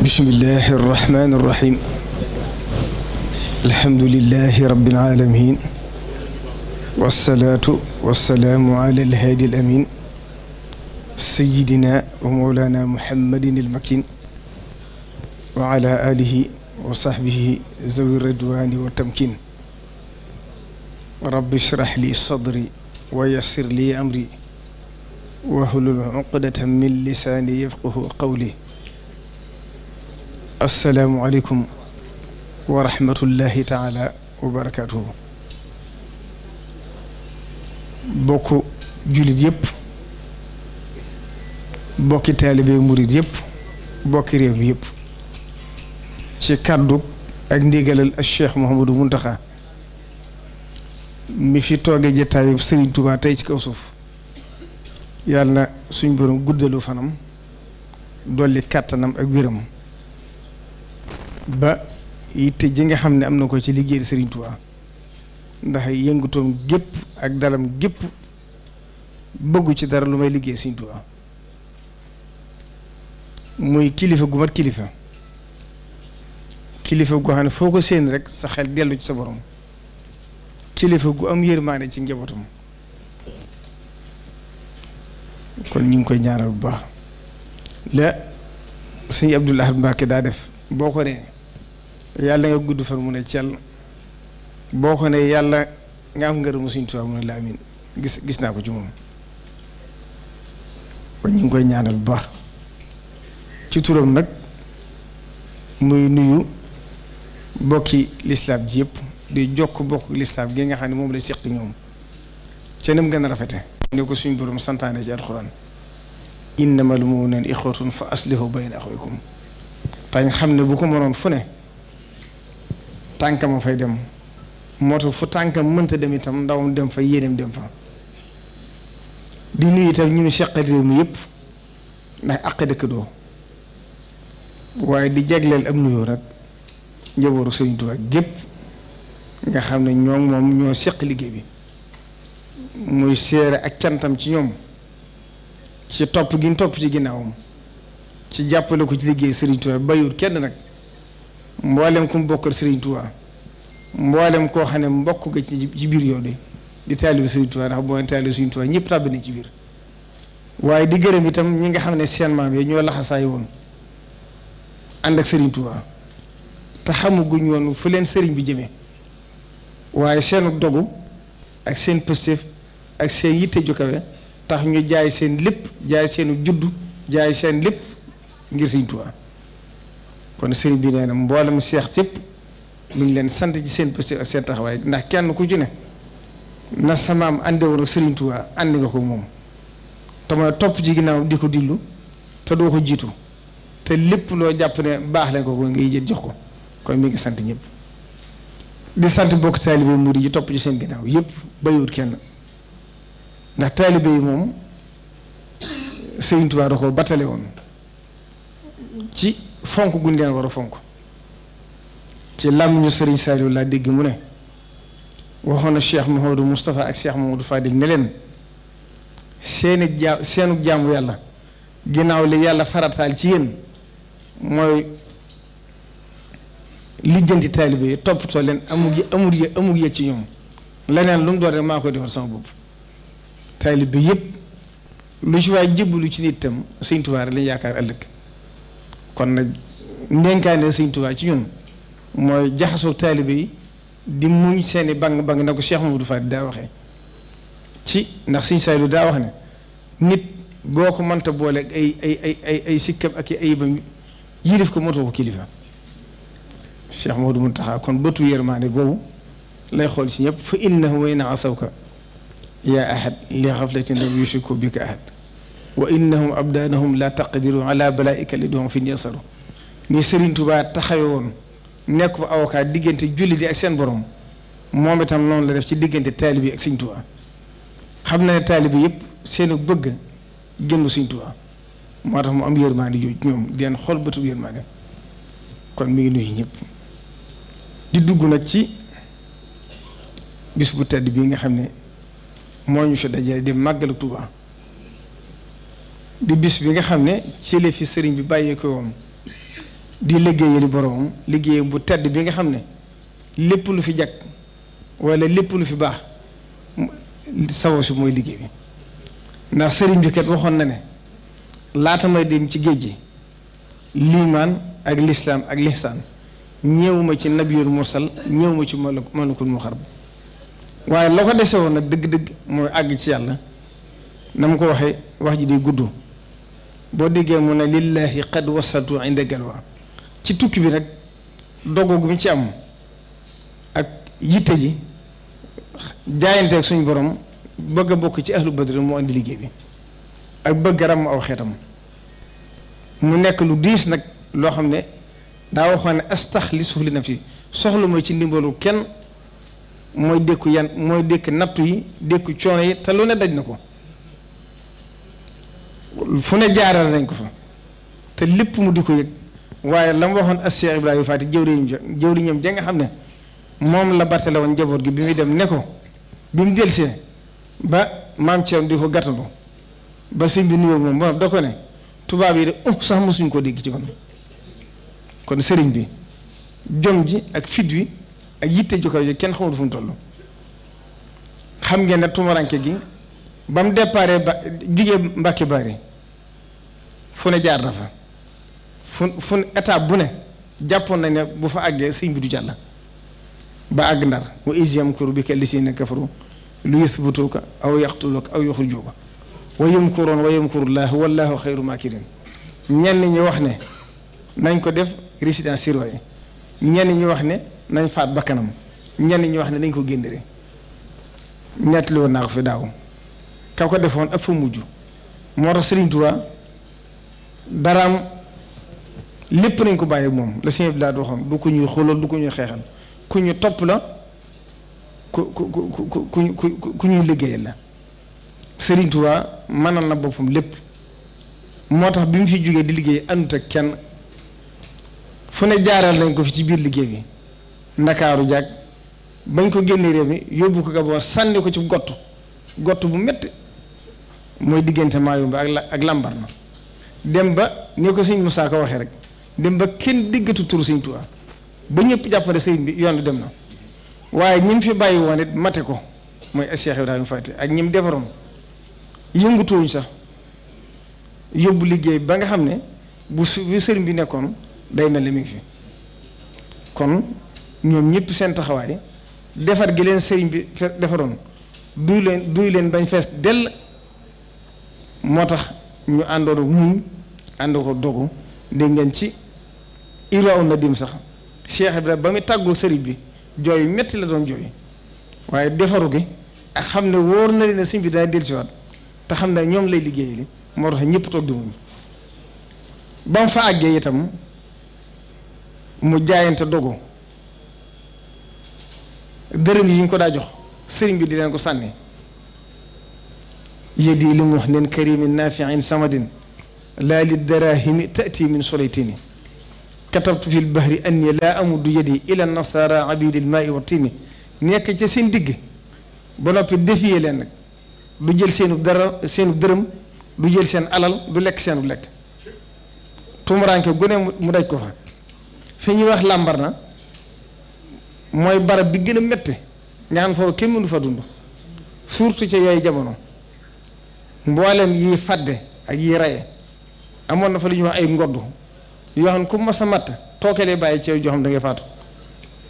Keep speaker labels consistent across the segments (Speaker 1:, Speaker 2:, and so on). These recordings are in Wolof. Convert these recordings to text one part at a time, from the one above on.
Speaker 1: بسم الله الرحمن الرحيم الحمد لله رب العالمين والصلاة والسلام على الهادي الأمين سيدنا ومولانا محمد المكين وعلى آله وصحبه ذوي الردوان والتمكين رب اشرح لي صدري ويسر لي أمري وهل عقدة من لساني يفقه قولي asalaamualeykum wa rahmatullahi taala wa barakaatuhu bokk jullit yëpp bokki taalibe murit yëpp bokki réew mi yëpp ci kàddu ak ndigalal ak Cheikh Mouhamadou Mountakha mi fi tooge jataayub Serigne Touba tey ci kaw suuf yàlla na suñ borom guddalu fanam dolli kàttanam ak wéram ba yitte ji nga xam ne am na ko ci liggéey Serigne Touba ndax yëngutoom gépp ak dalam gépp bëggu ci dara lu may liggéey Serigne Touba muy kilifa gu mat kilifa kilifa gu xam ne foo ko séen rek sa xel dellu ci sa borom kilifa gu am yërmaane ci njabootam kon ñu ngi koy ñaaral bu baax la sëñ Abdoul Ahad Mbacké daa def boo ko nee yàlla nga gudd fan mu ne cell boo ko ne yàlla nga am ngërëmu Sëriñ Tuubaa mu ne la amin gis gis naa ko ci moom kon ñu ngi koy ñaanal bu baax ci turam nag muy nuyu bokki lislaam ji yëpp di jokk bokk lislaam gi nga xam ne moom la seq ñoom ca nam gën a rafete ne ko suñu borom santaane ci alxuraan innamal mu'minuuna ixwatun fa aslihu bayna axawaykum tañ xam ne bu ko mënoon fu ne tànkam tànkama fay dem moo tax fu tànkam mënta dem itam ndawam dem fa yéeneem dem fa di nuyu itam ñu nu seqal réew mi yëpp ndax àq dëkk doo waaye di jagleel am nuyoo nag njabootu Sëriñ Tuubaa gépp nga xam ne ñoo moom ñoo seq liggéey bi muy seere ak cantam ci ñoom ci topp gi ñu topp ci ginnaawam ci jàppale ko ci liggéey Sëriñ Tuubaa bayut kenn nag mboolem ku mu bokkal Serigne Touba mboolem koo xam ne mbokk nga ci ci biir yoon wi di taalibu Serigne Touba ndax boo taalibu Serigne Touba ñëpp tàbbi nañ ci biir waaye di gërëm itam ñi nga xam ne seen maam yi ñoo laxasaay woon ànd ak Serigne Touba te xamaguñ woon fu leen Serigne bi jëmee waaye seenu dogu ak seen pëstéef ak seen yitte ju tax ñu jaay seen lépp jaay seenu juddu jaay seen lépp ngir Serigne Touba. kon sëriñ bi nee mboole mu seex sépp mu ngi leen sant ci seen posté ak seen taxawaay ndax kenn ku ci ne na samaam àndewoon ak sëriñ Tuubaa ànd nga ko moom te mooy topp ci ginnaaw di ko dillu te doo ko jiitu te lépp loo jàpp ne baax la ko ko jox ko kon mi ngi sant ñëpp di sant bokk taalibe murid yi topp ci seen ginnaaw yëpp bayiwut kenn ndax taalibe yi moom sëriñ Tuubaa da ko battale woon ci fonk guñ leen war a fonk ci làmmiñu Serigne Saliou laa dégg mu ne waxoon na Cheikh Mouhamadou Moustapha ak Cheikh Mouhamadou Fadil ne leen seeni jaa seenu jaamu yàlla ginnaaw li yàlla farataal ci yéen mooy lijjanti taalibe yi toppatoo leen amug yi amug yi ci ñoom leneen lu mu doon rek maa koy defal sama bopp taalibe yëpp lu ci waay jébbalu ci nit itam Sëñ Tuubaa lañ yaakaar ëllëg. kon nag ndénkaane Sëñ Tuubaa ci ñun mooy jaxasoo taalibe yi di muñ seeni bang bang na ko Cheikh Mamadou Fadi daa waxee ci ndax Sëñ Saliou daa wax ne nit boo ko mënta boole ak ay ay ay ay ay sikkam ak ayibam yilif ko motoo ko kilifa Cheikh mun taxaa kon bëtu yërmaande boobu lay xool ci ñëpp fa innahu way na asawka yaa ahad li xaflatin lam yushriku bika ahad wa innahum abdaanahum la taqdiru ala balaika li doom fi yasaru ni Serigne Touba taxawe woon nekk fa avocat diggante julli di ak seen boroom moom itam noonu la def ci diggante taalibe yi ak Serigne Touba xam na ne taalibe yëpp seen bëgg gënu Serigne Touba moo tax mu am yërmaande jooju ñoom di leen xool bëtu yërmaande kon mi ngi nuyu ñëpp di dugg nag ci bis bu tedd bii nga xam ne moo ñu fi dajale di màggalu Touba. di bis bi nga xam ne ci la fi sëriñ bi bàyyeekoo woon di liggéeyal boroom liggéeyam bu tedd bi nga xam ne lépp lu fi jag walla lépp lu fi baax sawo si mooy liggéey bi ndax sëriñ bi kat waxoon na ne laata may dem ci géej gi liimaan ak lislaam ak lihsaan ñëw ma ci nabiyul mursal ñëw ma ci malakul muxarab waaye la ko dese woon nag dëgg-dëgg mooy àgg ci yàlla na mu ko waxee wax ji day guddoo boo déggee mu ne lillahi qad wasaltu inda galwa ci tukki bi nag dogo gu ci am ak yitte ji jaayanteeg suñu borom bëgg a bokk ci ahlu badri moo indi liggéey bi ak bëgg ram aw xeetam mu nekk lu diis nag loo xam ne daa waxoon ne astaxlisu li nafsi soxla mooy ci ndimbalu kenn mooy dëkk yan mooy dékk nattu yi dékku coono yi te lu ne daj na ko fu ne jaaral nañ ko fa te lépp mu di ko yëg waaye la mu waxoon as Cheikh Ibrahima Faty jëwriñam jëwriñam ja nga xam ne moom la bartale woon njaboot gi bi muy dem ne ko bi mu delsee ba maam Thierno di ko gàttandu ba sëñ bi nuyoo moom ba ko ne tubaab yi de um sax mosuñ koo dégg ci kon kon sëriñ bi jom ji ak fit wi ak yitte ju kaw kenn xamul fu mu xam ngeen ne tumaranke gi ba mu déparé ba jugee Mbàkke Bari fu ne jaar na fa fu fu étape bu ne jàppoon nañ ne bu fa àggee sëñ bi du jàll ba àgg ndar wa iz yamkuru bika llaziina kafaru li yuthbituuka aw yaqtuluuka aw yuxrijuuka wa yamkuruuna wa yamkuru llaahu wallaahu xayru maakiriin ñenn ñi wax ne nañ ko def résidence surveillée ñenn ñi wax ne nañ faat bakkanam ñenn ñi wax ne nañ ko génne nettliwoon naa ko fi daaw ka ko defoon ak fa mujj moo tax Serigne Touba daraam lépp nañ ko bàyyi moom la sëñ bi daal di waxoon du ko ñuy xoolal du ko ñuy xeexal ku ñu topp la ku ku ku ku ku ñuy liggéeyal la Serigne Touba mënal na boppam lépp moo tax bi mu fi jógee di liggéey àndut ak kenn fu ne jaaral nañ ko fi ci biir liggéey bi ndakaaru jàkk bañ ko génnee réew mi yóbbu ko Gabon sànni ko ci gott gott bu metti mooy diggante Mayumba ak la ak Lambaréné dem ba ni ko sëñ Moussa ko waxee rek dem ba kenn diggatu tur sëñ Tuubaa ba ñëpp jàpp ne sëñ bi yoon dem na waaye ñi mu fi bàyyi woon mate ko mooy Cheikh Ibrahima Fati ak ñi defaroon yëngatuwuñ sax yóbbu liggéey ba nga xam ne bu su bu sëriñ bi nekkoon day mel ni mi fi kon ñoom ñëpp seen taxawaay defar gi leen sëriñ bi defaroon duy leen duy leen bañ fees dell. moo tax ñu àndoon muñ ànd ko dogu dégg ngeen ci iraaw na dim sax bi Ibrahima ba mu tàggoo sëriñ bi jooy metti la doon jooy waaye defaru gi ak xam ne wóor na leen sëñ bi dana dellusiwaat te xam ne ñoom lay liggéey li moo tax ñëpp toog di muñ ba mu fa àggee itam mu jaayante dogu dërëm yi ñu ko daa jox sëriñ bi di leen ko sànni yadi li muhnin karimin nafiin samadin laa lidarahimi tati min solaytini katabtu fi lbahri anni laa amudu yadi ila nasara abidi almaai wa tini nekk ca seen digg ba noppi defiyee leen nag du jël seenu dara seenu dërëm du jël seen alal du lekk seenu lekk tumuraanke gone mu daj ko fa fi ñuy wax làmbar na mooy barab bi gën a métti nga xam foofu kenn mënu fa dund surtout ca yooyu jamono mboolem yi fadde ak yi raye amoon na fa lu ñuy wax ay ngodd yoo xam ne ku ma sa matt tooke lay bàyyi ceeb joo dangay da faatu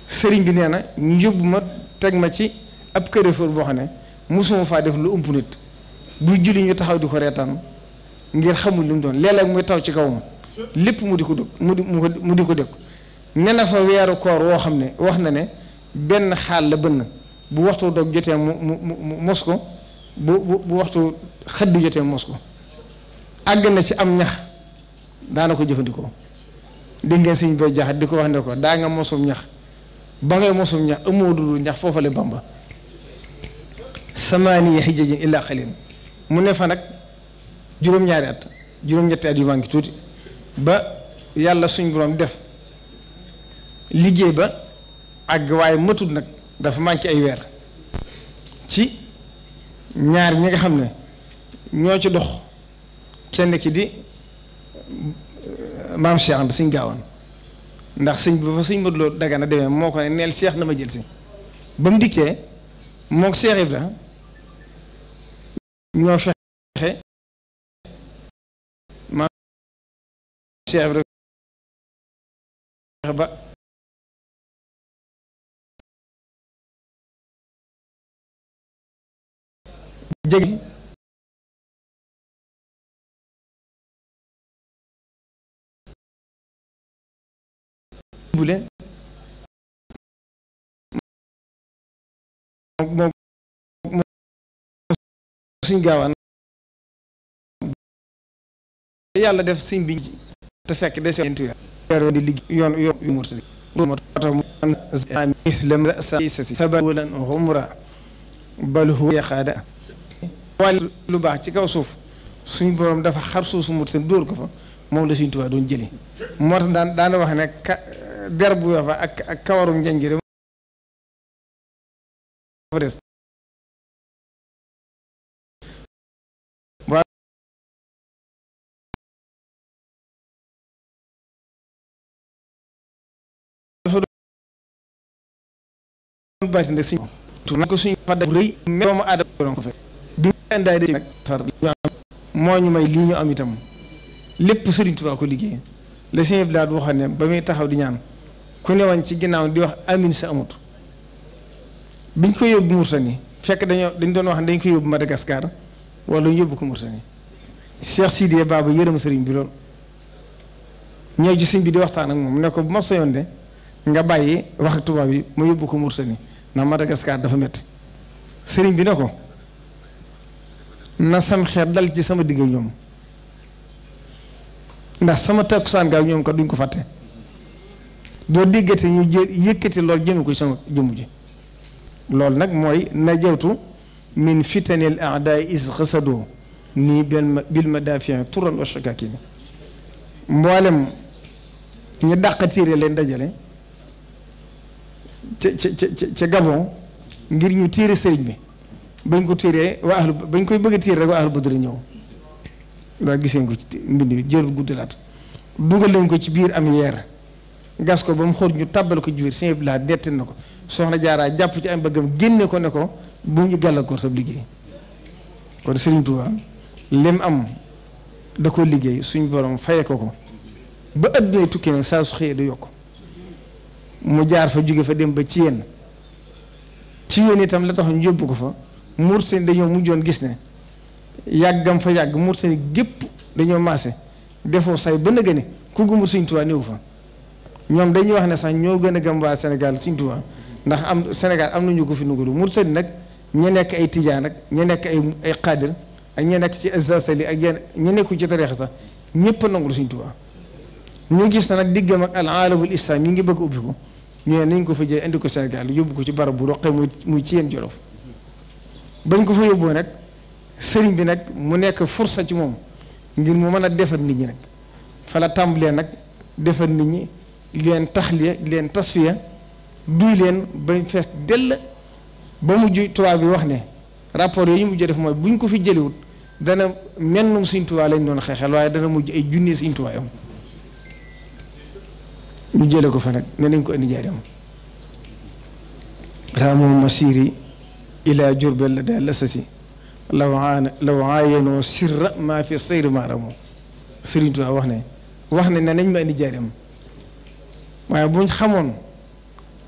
Speaker 1: sëriñ bi nee na ñu yóbbu ma teg ma ci ab këréfër boo xam ne mosuma faa def lu ëmp bu julli ñu taxaw di ko reetaan ngir xamul li mu doon léeg muy taw ci kaw lépp mu di ko dëkk mu di mu di ko dëkk ne fa weeru koor woo xam ne wax na ne benn xaal la bënn bu waxtoo dog jotee mu mu mu mos ko bu bu bu waxtu xëdd jotee mos ko àgg na ci am ñax daana ko jëfandikoo dégg ngeen sëñ bay jaxat di ko wax ne ko daa mosum ñax ba ngay mosum ñax amoo dudul ñax foofale bamba samaaniya xijajin illaa xalin mu ne fa nag juróom-ñaari at juróom-ñetti at yu maa tuuti ba yàlla suñ borom def liggéey ba àgg waaye matul nag dafa manqué ay weer ci ñaar ñi nga xam ne ñoo ci dox kenn ki di maam Cheikh Anta Sëñ Gaawaan ndax sëñ bi fa sëñ Modou Lo demee moo ko ne neel Cheikh na ma jël si ba mu dikkee moog Cheikh ñoo fexe ba jege bu leen moom moom gaawaan yàlla def siñ biñ te fekk de seen tuya weer di liggéey yoon yoon yu murtali loolu moo tax mu an mislam sa sa si fabalan wàll lu baax ci kaw suuf suñ boroom dafa xar suuf su mu te dóor ko fa moom la Sëriñ Tuubaa doon jëlee moo tax daan daana fa ak ak kawaru njañ dafa doon baati nag suñ ko suñ fa daj bu rëy doomu aadama ko fekk leen daay def nag moo ñu may lii ñu am itam lépp Sëriñ Tuubaa ko liggéey la sëñ laa Lahad waxoon ne ba muy taxaw di ñaan ku newoon ci ginnaaw di wax amin sa amut biñ ko yóbbu Mauritanie fekk dañoo dañ doon wax ne dañ koy yóbbu Madagascar wala ñu yóbbu ko Mauritanie Cheikh Sidiya Baba yërëm sëriñ bi lool ñëw ci sëñ bi di waxtaan ak moom ne ko bu ma soyoon de nga bàyyi wax tubaab yi ma yóbbu ko Mauritanie ndax Madagascar dafa metti sëriñ bi ne ko. na sam xeer dal ci sama digg ñoom ndax sama takkusaan gaaw ñoom kat duñ ko fàtte doo déggate ñu jë yëkkati loolu jëme ko sama jëmm ji loolu nag mooy najawtu min fitanil aadaay is xasadoo nii benn bil ma daafiyaan turan wa shakaakin mboolem ñu dàq tiire leen dajale ca ca ca ca Gabon ngir ñu tiire sëriñ bi bañ ko tiiree waa ahlu bañ koy bëgg a tiir rek waa ahlu badri ñëw loolu gisee ko ci mbind bi jërul guddalaat dugal lañ ko ci biir am yeer gas ko ba mu xóot ñu tàbbal ko ci biir sëñ Abdoulaye dettin na ko soxna jaaraa jàpp ci am génne ko ne ko bu ñu gàllankoor sa liggéey kon Serigne Touba am da ko liggéey suñ borom faye ko ko ba addunay tukki nag saa su xëyee du yokk mu jaar fa jóge fa dem ba ci yéen ci yéen itam la tax ñu yóbbu ko fa Mauritanie dañoo mujjoon gis ne yàggam fa yàgg Mauritanie gépp dañoo maase defoo say ba nëgë ne ku gëmul Sëñ Tuubaa néew fa ñoom dañuy wax ne sax ñoo gën a gëm waa Sénégal Sëñ Tuubaa ndax am Sénégal am nañu ko fi nugalu Mauritanie nag ñu nekk ay tijaan nag ñu nekk ay ay xaadir ak ña nekk ci azasali ak yenn ñu nekku ci tariixa sax ñëpp a nangul Sëñ Tuubaa ñu gis na nag diggam ak al aalamul islam ngi bëgg ubbi ko ñu ne nañ ko fa jël indi ko Sénégal yóbbu ko ci barab bu roqee muy muy ci yéen Jolof bañ ko fa yóbboo nag sëriñ bi nag mu nekk fursa ci moom ngir mu mën a defar nit ñi nag fala tàmbalee nag defar nit ñi leen taxliya leen tasfiya duy leen bañ fees dell ba mujj tubaab bi wax ne rapport yooyu mujj def mooy buñ ko fi jëliwut dana mennum Sëriñ Tuubaa lañ doon xeexel waaye dana mujj ay junni Sëriñ Tuubaa am ñu jële ko fa nag ne nañ ko indi jaay dem raamoo masiri إلى جرب الذي لسسي لو عان لو عاينوا سر ما في صير ما رموا سرين توا وحنا وحنا ننجم أني جارم ما يبون خمون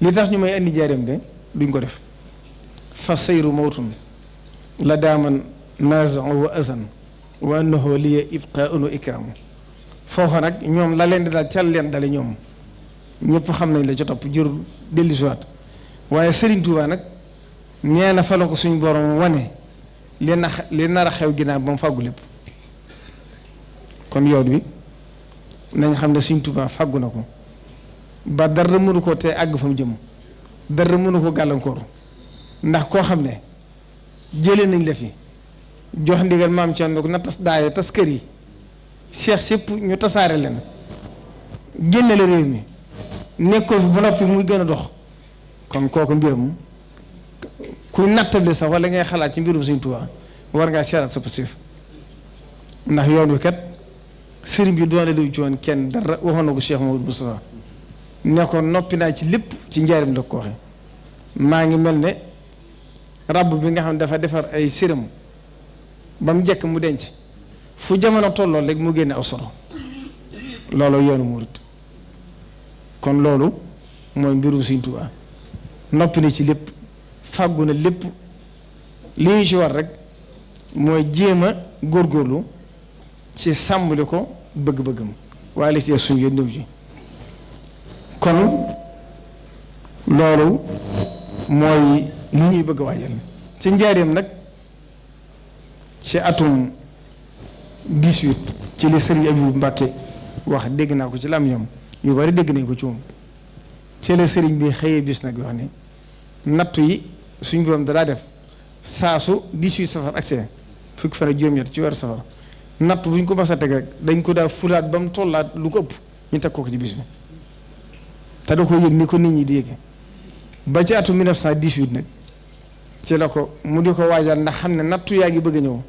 Speaker 1: لذا نجم أني جارم ده بنقرف فصير موت لدى من نازع وأزن وأنه لي إبقاء وإكرام فوهنك يوم لالين دا تشالين دا لين يوم نيبو خمنا إلا جطب جرب دلسوات ويسرين توا nee na fa ko suñ borom wane li na nar a xew ginaar ba mu fàggu lépp kon yoon wi nañ xam ne suñ Tuubaa fàggu na ko ba dara mënu koo te àgg fa mu jëm dara mënu koo gàllankoor ndax koo xam ne jëlee nañ la fi jox ndigal maam Thierno ko na tas daaya tas kër yi seex sépp ñu tasaare leen génne la réew mi nekkoo fi ba noppi muy gën a dox kon kooku mbiram kuy nattale sax wala ngay xalaat ci mbirum Sëriñ Tuubaa war ngaa seeraat sa passif ndax yoon wi kat sëriñ bi doone du ci woon kenn dara waxoon na ko Cheikh Mamadou Moustapha ne ko noppi naa ci lépp ci njaarim la ko waxe maa ngi mel ne ràbb bi nga xam dafa defar ay séram ba mu jekk mu denc fu jamono tolloon rek mu génne aw solo loolu yoonu murit kon loolu mooy mbirum Sëriñ Tuubaa noppi na ci lépp fàggu na lépp li ñu ci war rek mooy jéema a góorgóorlu ci sàmmali ko bëgg-bëggam waaye li ci suñu yoon néew ji kon loolu mooy li ñuy bëgg a waajal ci njaareem nag ci atum 18 ci li sëriñ Abibu Mbàkke wax dégg naa ko ci la am ñoom ñu bari dégg nañ ko ci moom ci la sëriñ bi xëyee bis nag wax ne nattu yi suñ borom dalaa def saasu su 18 safar ak fukki fan ak juróom-ñett ci weeru safar natt bu ñu ko mas teg rek dañ ko daa fulaat ba mu tollaat lu ko ëpp ñu teg ko ci bis bi te da ko yëg ni ko nit ñi di yëge ba ci atu 1918 nag ci la ko mu di ko waajal ndax xam ne nattu yaa ngi bëgg a ñëw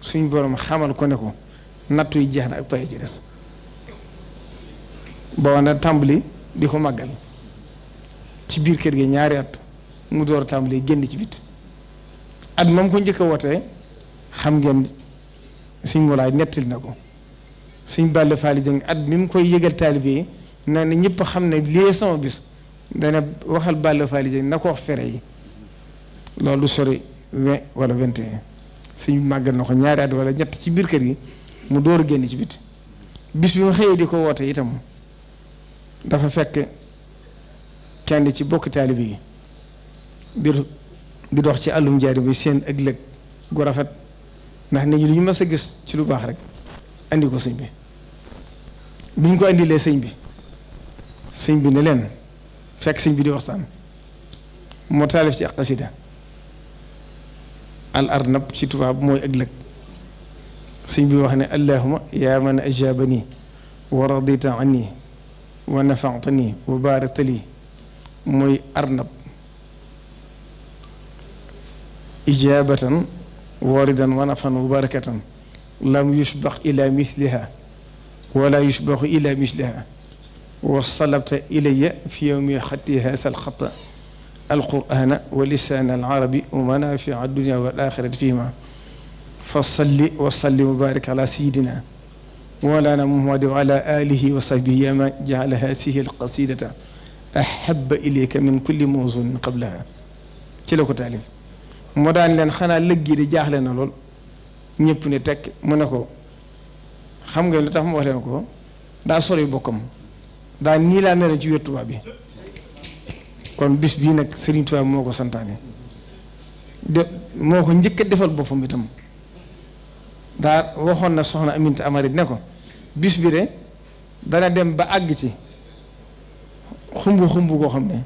Speaker 1: suñ borom xamal ko ne ko nattu yi jeex na ak paye ci des ba wane tàmbali di ko màggal ci biir kër gi ñaari at mu door tàmbalee génn ci bit at moom ko njëkk a wootee xam ngeen suñ mulaay li na ko suñ bàll faali at mi mu koy yëgal taalibe yi na ne ñëpp xam ne lii sama bis dana waxal bàll faali na ko wax fere yi loolu sori vingt wala vingt et un suñ màggal na ko ñaari at wala ñett ci biir kër yi mu door a génn ci bit bis bi mu xëyee di ko woote itam dafa fekk kenn ci bokk taalibe di di dox ci àllum jari bi seen leg gu rafet ndax nit ñi lu ñu mës a gis ci lu bax rek andi ko sëñ bi bi ko andi le sëñ bi sëñ bi ne len fek sëñ bi di waxtan mo talif ci qasida al arnab ci moy ak leg sëñ bi wax ne allahumma ya man ajabani wa radita anni wa nafa'tani wa barakta li moy arnab إجابة واردا ونفا مباركة لم يشبق إلى مثلها ولا يشبق إلى مثلها وصلبت إلي في يوم خطي هذا الخط القرآن ولسان العربي ومنافع الدنيا والآخرة فيما فصل وصل مبارك على سيدنا ولا محمد وعلى آله وصحبه ما جعل هذه القصيدة أحب إليك من كل موزن قبلها تلك تعليم moo daan leen xanaa lëggee di jaaxle na lool ñëpp ni teg mu ne ko xam nga lu tax mu wax leen ko daa sori bokkam daa nii laa mel ci wér tubaab bi kon bis bii nag Serigne Touba moo ko santaane de moo ko njëkk a defal boppam itam daa waxoon na soxna Aminta Amari ne ko bis bi de dana dem ba àgg ci xumbu xumbu koo xam ne.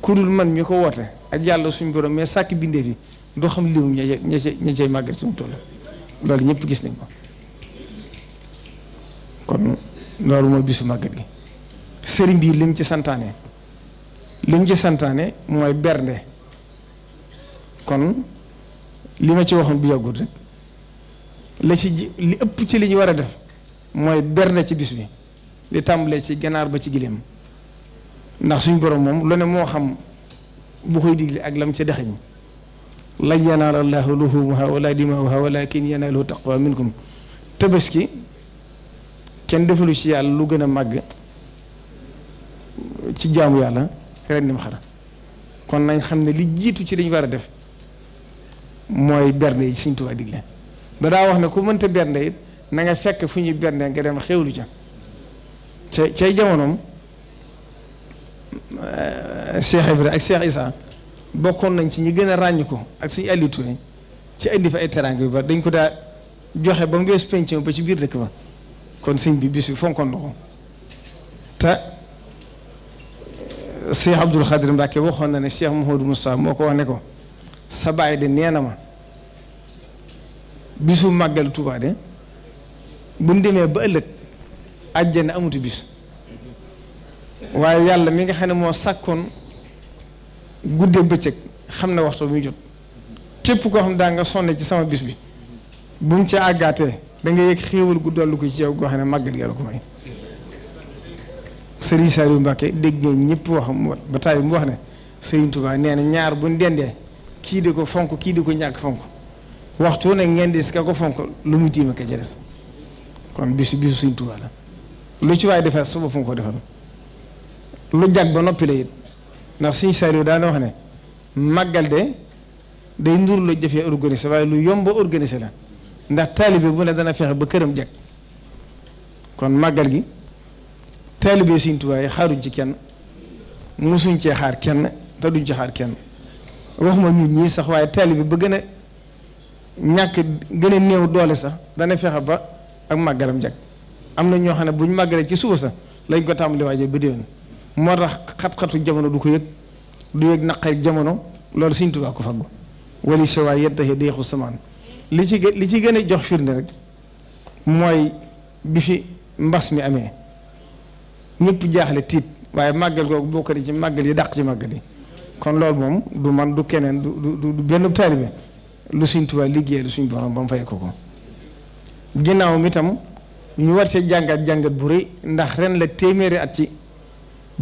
Speaker 1: kudul man ñi ko woote ak yàlla suñu borom mais sàkk bindee fi doo xam liwum ña ña ña cay màggal suñu toll loolu ñëpp gis nañ ko kon loolu mooy bisu màggal gi sëriñ bi lim ci santaane lim ci santaane mooy bernde kon li ma ci waxoon bu yàggul rek la ci ji li ëpp ci li ñu war a def mooy bernde ci bis bi li tàmbalee ci ganaar ba ci gileem ndax suñ borom moom lu ne moo xam bu koy digle ak lam ca dexeñ lan yanaala llaahu luhuumuhaa wala dimaa'uhaa walaakin yanaaluhu taqwa minkum tabaski kenn defalu ci yàlla lu gën a màgg ci jaamu yàlla rendim xar kon nañ xam ne li jiitu ci liñ war a def mooy bernde yi Sëriñ Tuubaa digle dadaa wax ne ku mënta bernde it na nga fekk fu ñuy bernde nga dem xewlu ca ca cay jamonoom Euh, Cheikh Ibrahima ak Cheikh Issa bokkoon nañ ci ñi gën a ràññ ko ak suñu Aliou ci indi fa ay teraanga yu dañ ko daa joxe ba mu wees penc ba ci biir dëkk ba kon sëñ bi bis bi fonkoon na ko te euh, Cheikh Abdoul Khadir waxoon na ne Cheikh Mouhamadou Moustapha moo ko wax ne ko sa baay de nee na ma bisu màggal Touba de buñ demee ba ëllëg àjjana amuti bis waaye yàlla mi nga xam ne moo sàkkoon guddee bëccëg xam ne waxtu muy jot képp koo xam daa nga sonne ci sama bis bi bu mu ci àggaatee da nga yëg xéewal gu dollu ko ci yow goo xam ne màggat yàlla ko may sëriñ Saliou Mbacke dégg ngeen ñëpp wax ba taay mu wax ne sëriñ Touba nee na ñaar buñ dendee kii di ko fonk kii di ko ñàkk fonk waxtu ne ngeen di si ka ko fonk lu mu tiima ka ca des kon bisu bisu sëriñ Touba la lu ci waaye defal sa bopp nga ko defal lu jag ba noppi la it ndax suñu saaliw daan wax ne màggal de day ndur la jëfee organisé waaye lu yomb a organisé la ndax taalibe bu ne dana fexe ba këram jag kon màggal gi taalibe suñ tubaab yi xaaruñ ci kenn musuñ cee xaar kenn te duñ ci xaar kenn ma ñun ñii sax waaye taalibe ba gën a ñàkk gën a néew doole sax dana fexe ba ak màggalam jag am na ñoo xam ne buñ màggalee ci suba sax lañ ko tàmbali waajal ba déwén. moo tax xat-xatu jamono du ko yëg du yëg naqar jamono loolu Sëriñ Tuubaa ko faggu wali si waay yéen taxit deexu li ci li ci gën a jox firnde rek mooy bi fi mbas mi amee ñëpp jaaxle tiit waaye màggal googu bokk na ci màggal yi dàq ci màggal yi kon loolu moom du man du keneen du du du benn taalibe lu Sëriñ Tuubaa liggéeyee suñ borom ba mu fay ko ko ginnaaw mi tam ñu war see jàngat jàngat bu rëy ndax ren la téeméeri at ci.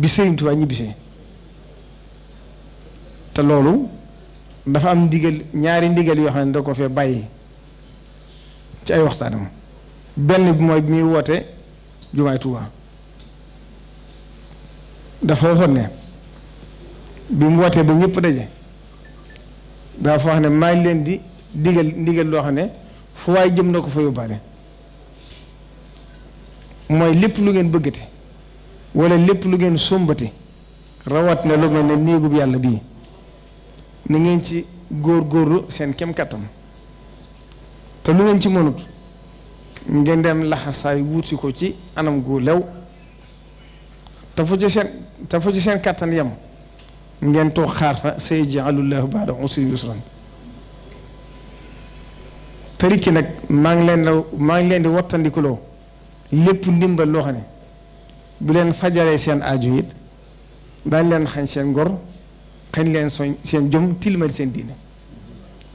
Speaker 1: bi Sëriñ Tuubaa ñibbisee te loolu dafa am ndigal ñaari ndigal yoo xam ne da ko fee bàyyi ci ay waxtaanam benn bi mooy muy woote jumaay Tuubaa dafa waxoon wootee ba ñëpp daje dafa wax ne maa ngi leen di digal ndigal loo xam ne fu waaye jëm na ko fa yóbbaale mooy lépp lu ngeen bëggate wala lépp lu ngeen sombati rawat na lu mel ne néegub yàlla bii ni ngeen ci góor góorlu seen kem kattan te lu ngeen ci mënut ngeen dem laxasaay wuuti ko ci anam gu lew te fu ci seen te fu ci seen kattan yem ngeen toog xaar fa sayaj'alullaahu ba'da usrin yusran tëriki nag maa ngi leen maa ngi leen di wattandikuloo lépp ndimbal loo ne bu leen fajaree seen aajo it daañu leen xañ seen ngor xañ leen soñ seen jom tilimal seen diine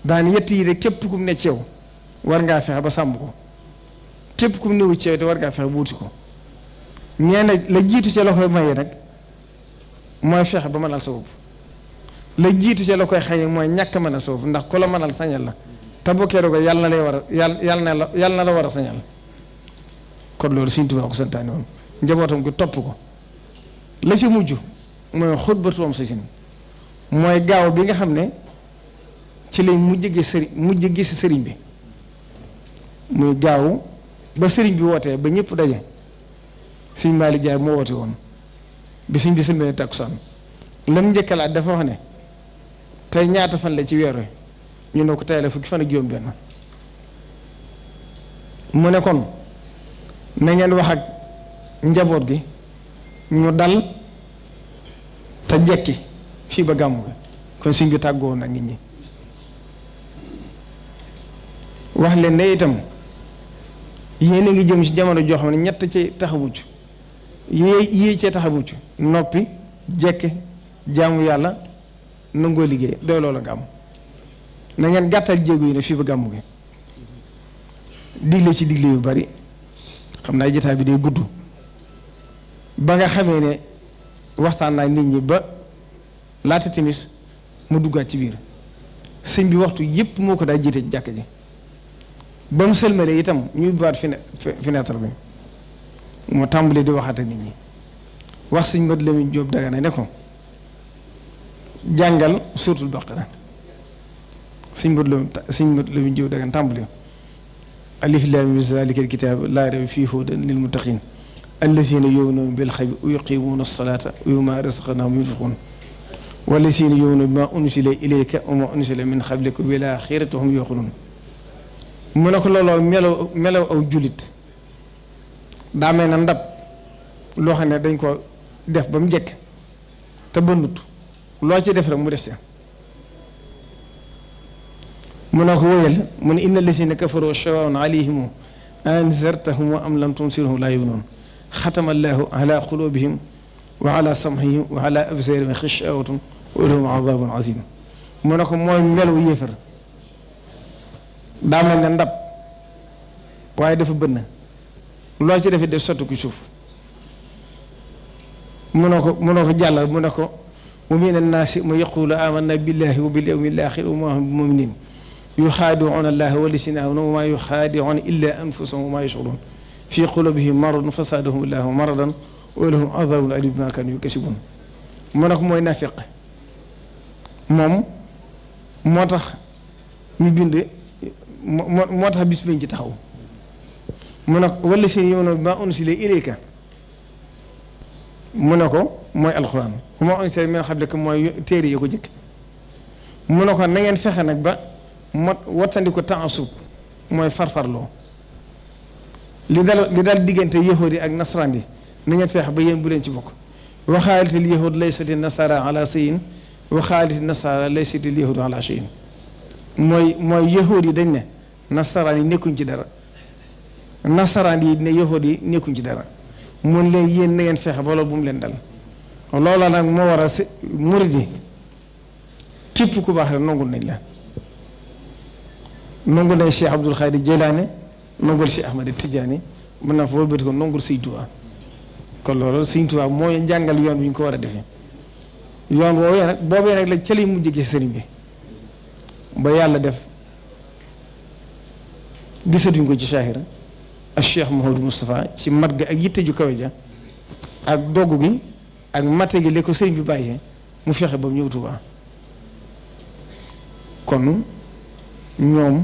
Speaker 1: daan yett yi de képp kum ne ci war ngaa fexe ba sàmm ko képp kum néewu ci yow te war ngaa fexe ba wuti ko nee la jiitu ca la koy maye nag mooy fexe ba mënal sa bopp la jiitu ca la koy xaye mooy ñàkk mënal sa bopp ndax ku la mënal sañal la te bokkee ko yal na lay war a yàlla na la yàlla na la war a sañal kon loolu Sëriñ Tuubaa ko santaane woon njabootam gi topp ko la ci mujj mooy xutbatu am sa sin mooy gaaw bi nga xam ne ci lañ mujj gis sëriñ mujj gis sëriñ bi muy gaaw ba sëriñ bi wootee ba ñëpp daje sëñ Maali Jaay moo woote woon bi sëñ bi sëlmee takkusaan lam njëkkalaat dafa wax ne tey ñaata fan la ci weer wi ñu ne ko tey la fukki fan ak juróom benn mu ne kon na wax ak njaboot gi ñu dal te jekki fii ba gàmmu gi kon suñ bi tàggoo na nit ñi wax leen ne itam yéen a ngi jëm ci jamono joo xam ne ñett ci taxawucc yée yii cee taxawucc noppi jekki jaamu yàlla nangoo liggéey doy loolu nga am na ngeen gàttal jéego yi ne fii ba gàmmu gi digle ci digle yu bari xam naa jotaay bi day gudd ba nga xamee ne waxtaan naa nit ñi ba laata timis mu duggaat ci biir sëñ bi waxtu yépp moo ko daa jiite ci jàkk ji ba mu sëlmalee itam ñu ubbiwaat fenêtre bi moo tàmbalee di waxaat ak nit ñi wax sëñ Modou Lamine Diop Dagana ne ko jàngal suuratul Baqara sëñ Modou Lamine sëñ Modou Lamine Diop Dagana tàmbalee alif laam miim zaalikal kitaab laa foo fiihi hudan lil muttaqiin الذين يؤمنون بالخير ويقيمون الصلاة ويما رزقناهم ينفقون والذين يؤمنون بما أنزل إليك وما أنزل من قبلك وبالآخرة هم يوقنون من كل الله ملو ملو أو جلد دامين أندب لو خنا دنج كو ديف بام جيك تا بونوت لو سي ديف رك مو ديسيا منكو ويل من ان الذين كفروا شواء عليهم انذرتهم ام لم لا يؤمنون ختم الله على قلوبهم وعلى سمعهم وعلى أبزارهم خشأة ولهم عذاب عظيم منكم موي ملو يفر دام لنا ندب واي دف بن لو جي دف دي سوتو كي شوف منكو منكو جالال منكو ومن الناس من يقول آمنا بالله وباليوم الآخر وما هم بمؤمنين يخادعون الله ولسنا وما يخادعون إلا أنفسهم وما يشعرون في قلوبهم مرض فسادهم الله مرضا ولهم أضر العلي بما كانوا يكسبون منك موي نافق موم موتخ ني بيند موتخ بيس بي تاخو منك ولسي يونا ما انزل اليك منكو موي القران وما انزل من قبلك موي تيري يكو جيك منكو نين فخ نك با واتانديكو تعصب موي فرفرلو li dal li dal diggante yahuud yi ak nasaraan yi na ngeen feex ba yéen bu leen ci bokk waxaalitil yahud laysati nasara ala sayin waxaaliti nasara laysatil yahudu ala mooy mooy yahuud yi dañ ne nasaraan yi nekkuñ ci dara nasaraan yi ne yahuud yi nekkuñ ci dara mun leen yéen na ngeen feex ba loolu bu leen dal loola nag moo war a si murid yi képp ku baax la nongul la nongul nañ Cheikh Abdul Xaadir Jeylaane nongul si Ahmad Tidiane mën naa fa wëlbati ko nongul Sëñ Tuubaa kon loolu Sëñ Tuubaa mooy njàngal yoon wi ñu ko war a defee yoon woowee nag boobee nag la ca lay mujj ci sëriñ bi ba yàlla def gisatuñ ko ci saahira ak Cheikh Mouhamadou Moustapha ci mat gi ak yitte ju kawe ja ak dogg gi ak mate gi li ko sëriñ bi bàyyee mu fexe ba mu ñëw Tuubaa kon ñoom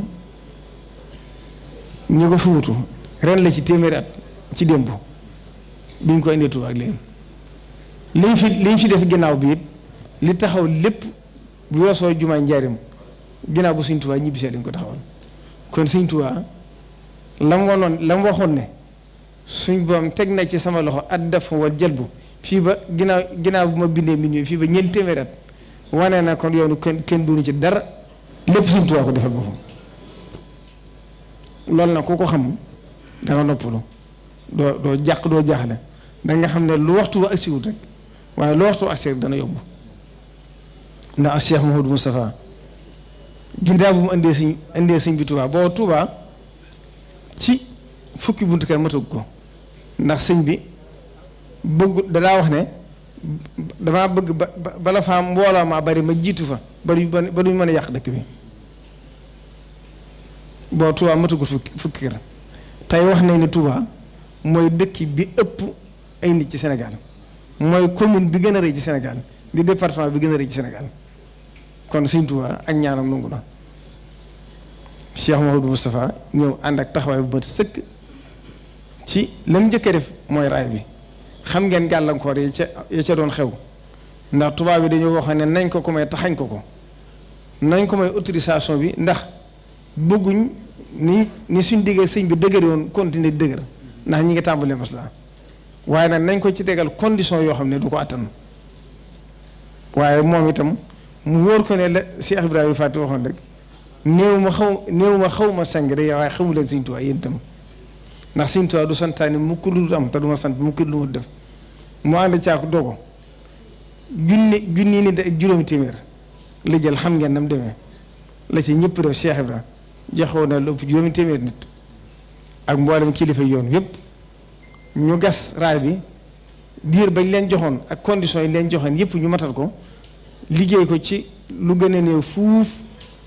Speaker 1: ñi ko fi wutu ren la ci téeméeri at ci démb bu ñu ko indee Tuubaa léegi liñ fi liñ fi def ginnaaw bi it li taxaw lépp bu weesoo jumaa njaarim ginnaaw bu Sëñ Tuubaa ñibbisee lañ ko taxawal kon Sëñ Tuubaa lam wanoon waxoon ne suñ boom teg na ci sama loxo at def wal jëlbu fii ba ginnaaw ginnaaw bu ma bindee mbir fii ba ñeent téeméeri at wane na kon yoonu kenn kenn duñu ci dara lépp Sëñ Tuubaa ko defal boppam loolu na ku ko xam da nga noppalu doo doo jàq doo jaaxle da nga xam ne lu waxtu wa agsiwut rek waaye lu waxtu ak agsi dana yomb ndax ak Cheikh Mouhamadou Moustapha ginnaaw bu mu indee suñ indee suñ bi Touba boo Touba ci fukki buntu kër matag ko ndax sëñ bi bëgg dalaa wax ne damaa bëgg ba bala faa mbooloo maa bari ma jiitu fa bari ba duñ a yàq dëkk bi boo Touba matagul fukki fukki kër tey wax nañ ne Touba mooy dëkki bi ëpp ay nit ci Sénégal mooy commune bi gën a rey ci Sénégal di département bi gën a rëy ci Sénégal kon Sëñ Touba ak ñaanam nangu na Cheikh Mouhamadou Moustapha ñëw ànd ak taxawaay bu mat sëkk ci lan njëkk def mooy raay bi xam ngeen gàllankoor yi ca yi ca doon xew ndax tubaab bi dañoo waxoon ne nañ ko ko may taxañ ko ko nañ ko may autorisation bi ndax. bëgguñ ni ni suñ diggee sëñ bi dëgër woon continuer dëgër ndax ñi ngi tàmbalee laa waaye nag nañ ko ci tegal condition yoo xam ne du ko attan waaye moom itam mu wóor ko ne la Cheikh Ibrahima Fati waxoon rek néew xaw néew ma xaw ma sàng de waaye xamu leen Sëñ Tuubaa yéen ndax Sëñ Tuubaa du santaani mukk lu du am te du ma sant mukk lu ma def mu ànd caaku dogo junni junni nit ak juróomi téeméer la jël xam ngeen nam demee la ci ñëpp def Cheikh joxewoon na lu ëpp juróomi téeméer nit ak mboolem kilifa yoon yëpp ñu gas raay bi diir bañ leen joxoon ak conditions yi leen joxoon yëpp ñu matal ko liggéey ko ci lu gën a néew fuuf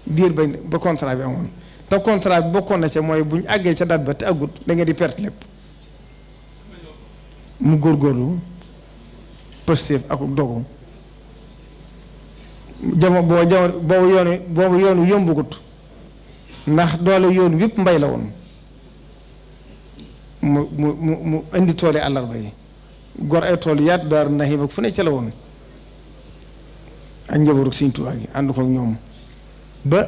Speaker 1: diir bañ ba contrat bi amoon te contrat bi bokkoon na ca mooy bu ñu àggee ca dal ba te àggut da nga di perte lépp mu góorgóorlu positif ak dogu jamono boo jamono boobu yoonu boobu yoonu yombugut ndax doole yoon yëpp mbay la woon mu mu mu indi tool yi àllarba yi gor ay tool yaat daar naxiim ak fu ne ca la woon ak njaboorug Sëriñ Tuubaa gi ànd kook ñoom ba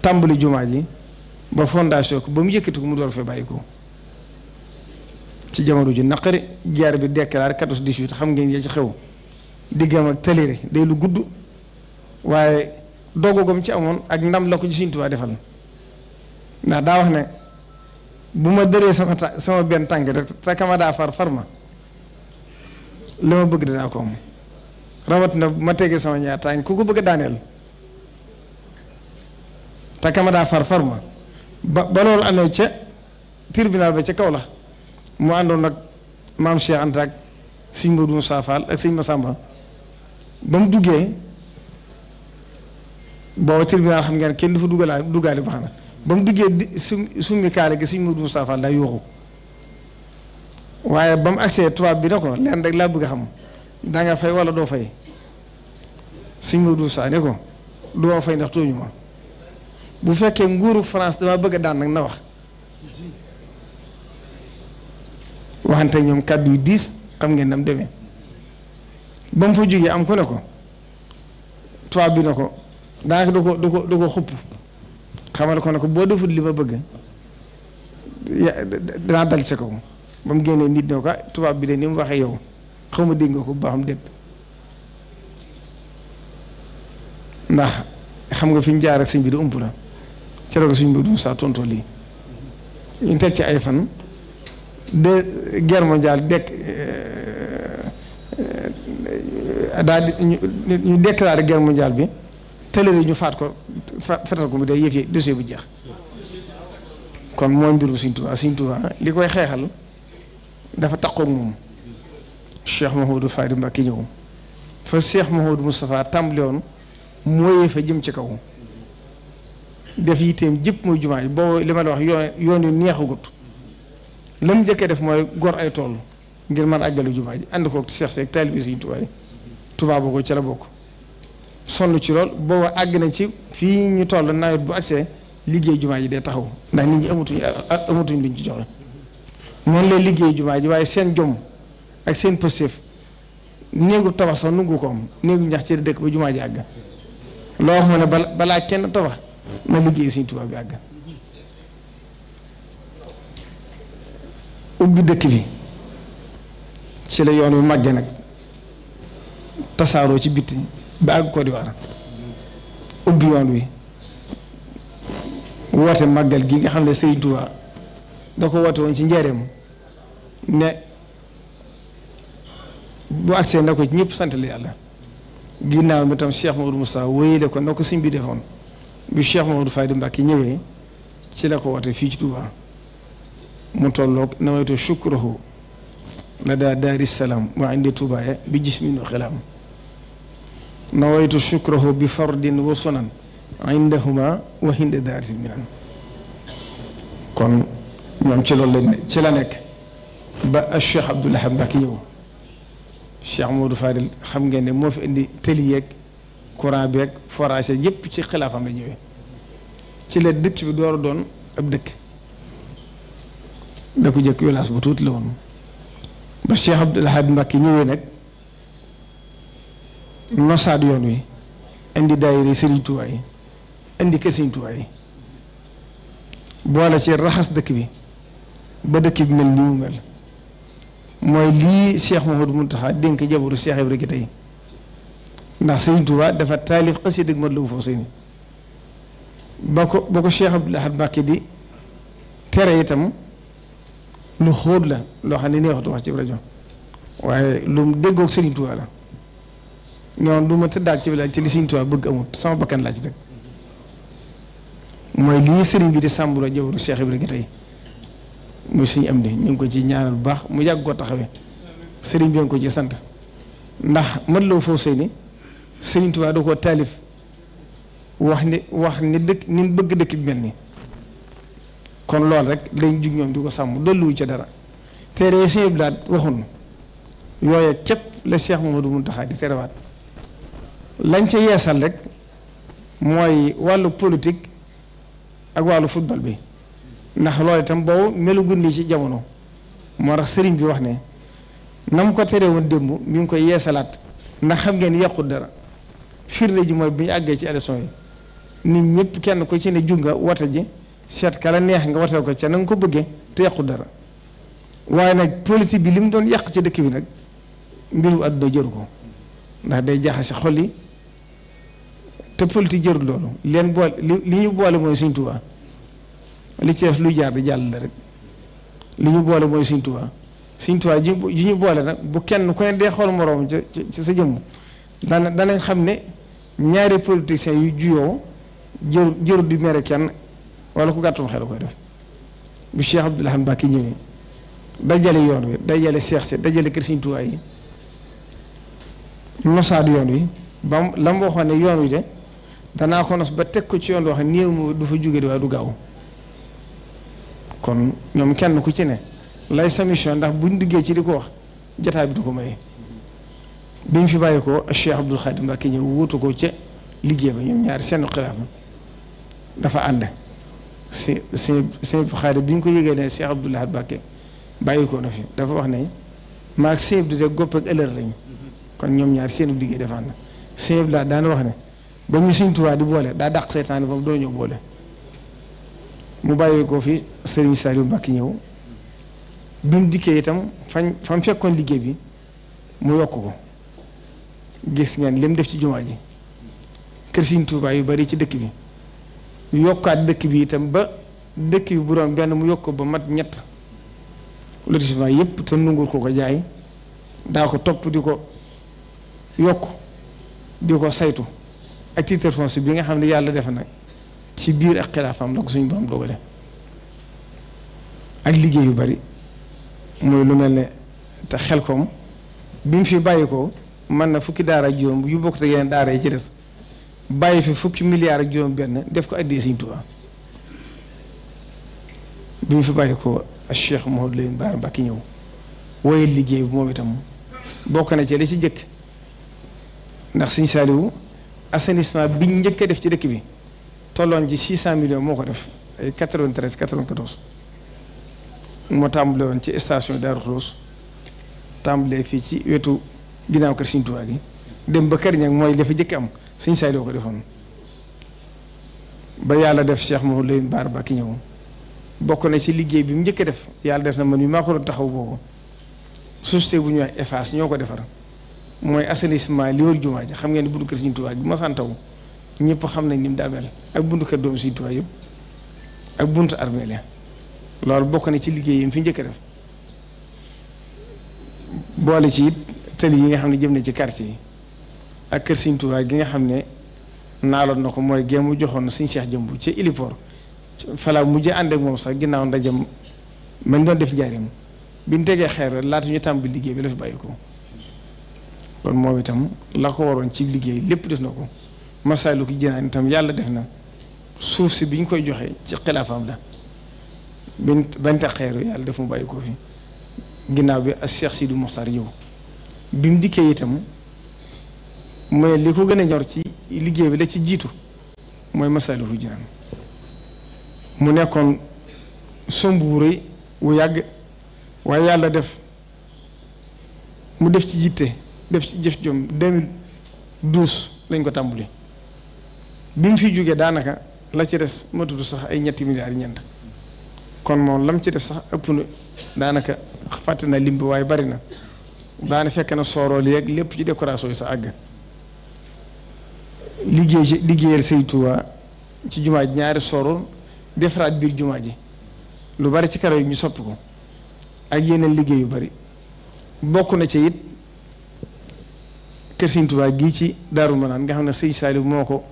Speaker 1: tàmbali jumaa ji ba fondation ko ba mu yëkkati ko mu door fee bàyyi ko ci jamono ji naqari jaar bi déclaré quatorze dix-huit xam ngeen ya ci xew diggam ak talire day lu gudd waaye doggagum ci amoon ak ndam la ko ci Sëriñ Tuubaa defal ndax daa wax ne bu ma dëree sama ta sama benn tànk rek te kama daa far far ma li ma bëgg dinaa ko am rawat na ma tegee sama ñaar tànk ku ko bëgg daaneel te kama daa far far ma ba ba loolu amee ca tribunal ba ca kaw la mu àndoon nag maam Cheikh Anta ak sëñ Modou Moussa Fall ak sëñ Massamba ba mu duggee. booba tribunal xam ngeen kenn du fa dugalaat dugaale ba xanaa ba mu duggee di su summi kaale gi suñ Modou Moustapha daa yuuxu waaye ba mu agsee tubaab bi ne ko leen rek laa bëgg a xam da nga wala doo fay suñ Modou Moustapha ne ko doo fay ndax tooñu ma bu fekkee nguuru France dama bëgg a daan nag na wax waxante ñoom kàddu yu diis xam ngeen nam demee ba mu fa am ko ne ko tubaab bi ne ko. daanaka du ko du ko du ko xupp xamal ko na ko boo deful li ma bëgg danaa dal sa kaw ba mu génnee nit ne ko ah, tubaab bi de ni mu waxee yow xaw ma dégg nga ko baaxam déet ndax xam nga fi ñu jaar ak sëñ bi du ëmp la ci la ko suñ du saa tontoo lii ñu teg ci ay fan de guerre dekk euh, euh, euh, daal di ñu déclaré guerre mondiale bi. tëlëri ñu faat ko fatal ko mu dee yëf yi dossier bu jeex kon mooy mbirum Sëriñ Tuubaa Sëriñ Tuubaa li koy xeexal dafa takkook moom Cheikh Mahoudou Fadi Mbacké ñëw fa Cheikh Mahoudou Moustapha tàmbali woon mooyee fa jëm ci kaw def yitteem jëpp mooy jumaa yi boobu li ma la wax yoon yoon yu neexagut la mu def mooy gor ay tool ngir man àggale jumaa ji ànd kook Cheikh Seck taalibe Sëriñ Tuubaa yi boo ko ca la bokk sonn ci lool booba àgg na ci fii ñu toll nawet bu agsee liggéey jumaa ji day taxaw ndax nit ñi amatuñ amatuñ luñ ci joxe noonu lay liggéey jumaa ji waaye seen jom ak seen positif néegu tabax sax nungu ko am néegu ñax ci dëkk ba jumaa ji àgg loo wax ma ne balaa kenn tabax na liggéey suñu tubaab bi àgg ubbi dëkk bi ci la yoon wi màggee nag tasaaroo ci bitti ba àgg Côte d'Ivoire ubbi yoon wi woote màggal gi nga xam ne Sëriñ Tuubaa da ko woote woon ci njaareem ne bu agsee na ko ci ñëpp sant la yàlla ginnaaw mi tam Cheikh Maodo Moussa wéyale ko na ko suñ bi defoon bi Cheikh Maodo Fadi Mbacke ñëwee ci la ko woote fii ci Touba mu tolloog nawaytu shukrahu la daa daari waa indi Touba bi gis mi nu xilaam nawaytu shukrahu bi fardin wa sunan indahuma wa hinda daaritil minan kon ñoom ci lool lañ ci la nekk ba Cheikh Abdoul Ahad Mbacké ñëw Cheikh Modou Fadil xam ngeen ne moo fi indi tëli yeeg courant beeg forage yépp ci xilaafam la ñëwee ci la dëkk bi door a doon ab dëkk da ko jëkk yolaas bu tuuti la woon ba Cheikh Abdoul Ahad Mbacké ñëwee nag nosaat yoon wi indi daayira sëriñ Tuubaa indi kër sëriñ Tuubaa boole ci raxas dëkk bi ba dëkk bi mel ni mu mel mooy lii Cheikh Mouhamadou Mountakha dénk jabaru Cheikh Ibra gi tey ndax sëriñ Tuubaa dafa taalif xasida ak Matlaboul Fawzayni ba ko ba ko Cheikh Abdoul Ahad Mbacké di tere itam lu xóot la loo xam ne neexatu wax ci rajo waaye lu mu déggoog sëriñ Tuubaa la noonu du ma tëddaat ci village te li Sëriñ Tuubaa bëgg amut sama bakkan laa ci teg mooy lii sëriñ bi di sàmbula jabaru Cheikh Ibrahima tey muy suñu am di ñu ngi ko ci ñaanal bu baax mu yàgg koo taxawee sëriñ bi nga ko ci sant ndax mën loo foofu sëy ni Sëriñ Tuubaa da koo taalif wax ni wax ni dëkk ni bëgg dëkk bi mel ni kon loolu rek dañ jug ñoom di ko sàmm dolluwu ca dara teere Sëriñ Abdou Lahad waxun yooye képp la Cheikh Mamadou Mountakha di terewaat lañ ca yeesal rek mooy wàllu politik ak wàllu football bi ndax loolu itam boobu melu gundi ci jamono moo rax sëriñ bi wax ne na mu ko teree woon démb mi ngi koy yeesalaat ndax xam ngeen yàqut dara firnde ji mooy bi àggee ci élection yi nit ñëpp kenn ku ci ne jug nga wata ji seet kala neex nga watee ko ca na nga ko bëggee te yàqut dara waaye nag politique bi li mu doon yàq ci dëkk bi nag mbiru àdduna jëru ko ndax day jaxase xol yi te politique jarul loolu leen boole li ñu boole mooy Sëñ Tuubaa li jaar di jàll li ñu boole mooy Sëñ Tuubaa Sëñ Tuubaa ji ñu boole nag bu kenn ku ne dee xool moroom ca ca sa jëmm dana danañ xam ne ñaari politiciens yu juyoo jër jëru di mere kenn wala ku gàttum xel koy def bu Cheikh Abdoul Ahad Mbacké ñëwee dajale yoon wi dajale seex si dajale kër Sëñ Tuubaa yi nosaadu yoon wi ba la mu ne yoon wi de danaa ko ba teg ko ci yoon wax néew mo du fa jóge di waaye du gaaw kon ñoom kenn ku ci ne lay sa ndax bu ñu liggéey ci di ko wax jataay bi du ko maye biñ fi bàyyi ko Cheikh Abdoul Khadim Mbacké ñëw wuutu ko ca liggéey ba ñoom ñaari seen xilaafa dafa ànd si si si Xaadim bi ko yëgee ne Cheikh Abdoul Ahad Mbacké bàyyi ko na fi dafa wax ne maag sëñ bi de gopp ak kon ñoom ñaar seen liggéey dafa ànd sëñ bi daal daan wax ne. ba ñu Sëriñ Tuubaa di boole daa dàq seytaane boobu doo ñëw boole mu bàyyi ko fi Serigne Saliou Mbacké ñëw bi mu dikkee itam fañ fam fekkoon liggéey bi mu yokk ko gis ngeen lim def ci jumaa ji kër Sëriñ Tuubaa yu bari ci dëkk bi yokkaat dëkk bi itam ba dëkk bi bu benn mu yokk ko ba mat ñett lotissement yëpp te nungur ko ko jaay daa ko topp di ko yokk di ko saytu ak titre foncier bi nga xam ne yàlla defe nag ci biir ak xilaafam la ko suñu borom dogale ak liggéey yu bari mooy lu mel ne te xel koom bi mu fi bàyyi ko mën na fukki daara juróom yu bokk te yeneen daara yi ci des bàyyi fi fukki milliards ak juróom def ko addee Sëriñ Tuubaa bi mu fi bàyyi ko Cheikh Mouhamadou Lamine Bara Mbacké ñëw woye liggéey bi moom itam bokk na ci li ci jëkk ndax Sëriñ Saaliwu assainissement bi njëkk a def ci dëkk bi tolloon ci cent millions moo ko def ay 93 94 moo tàmbale woon ci station Darou Khoudoss tàmbalee fii ci wetu ginnaaw kër Sëriñ Tuubaa gi dem ba kër ñag mooy dafa njëkk am Sëriñ Saliou ko defoon ba yàlla def Cheikh Mouhamadou Lamine Bara Mbacké ñëw bokk na ci liggéey bi mu njëkk a def yàlla def na man mi maa ko doon taxaw boobu société bu ñuy wax EFAS ñoo ko defar. mooy assainissement li wër jumaa ji xam ngeen ne bundu kër Sëriñ Tuubaa bi ma santaw ñëpp xam nañ ni mu ak buntu kër doom si Tuubaa yëpp ak buntu armée loolu bokk na ci liggéey yi fi njëkk def boole ci it yi nga xam ne jëm na ci quartier ak kër Sëriñ gi nga xam ne naaloon na ko mooy gémm joxoon na Sëriñ Seex Jëmbu ci héliport fala mujj ànd ak moom sax ginnaaw ndajam man doon def njaarim bi ñu tegee xeer laata ñu tàmbali liggéey bi la fi bàyyi ko kon moom itam la ko waroon ci liggéey lépp def na ko masaalu ki jinaan itam yàlla def na suuf si bi ñu koy joxe ci xilaafam la bañ bañ taxeeru yàlla def mu bàyyi ko fi ginnaaw bi ak Cheikh Sidi Moxtar yow bi mu dikkee itam mu li ko gën a ci liggéey bi la ci jiitu mooy masaaluhu jinaan mu nekkoon somb wu rëy wu yàgg waaye yàlla def mu def ci jiite def ci jëf jom 2012 lañ ko tàmbali bi mu fi jógee daanaka la ci des matutu sax ay ñetti milliards yi ñeent kon moom lam ci des sax ëpp na daanaka fàtte na lim waaye bari na daana fekk na soorool yeeg lépp ci décoration sa àgg liggéey ci liggéeyal Sëñ Tuubaa ci jumaa ji ñaari soorool defaraat biir jumaa ji lu bari ci karo yi ñu sopp ko ak yeneen liggéey yu bari bokk na ci it kër Sëriñ Tuubaa gii ci Daaru Manaan nga xam ne sëñ Saliou moo ko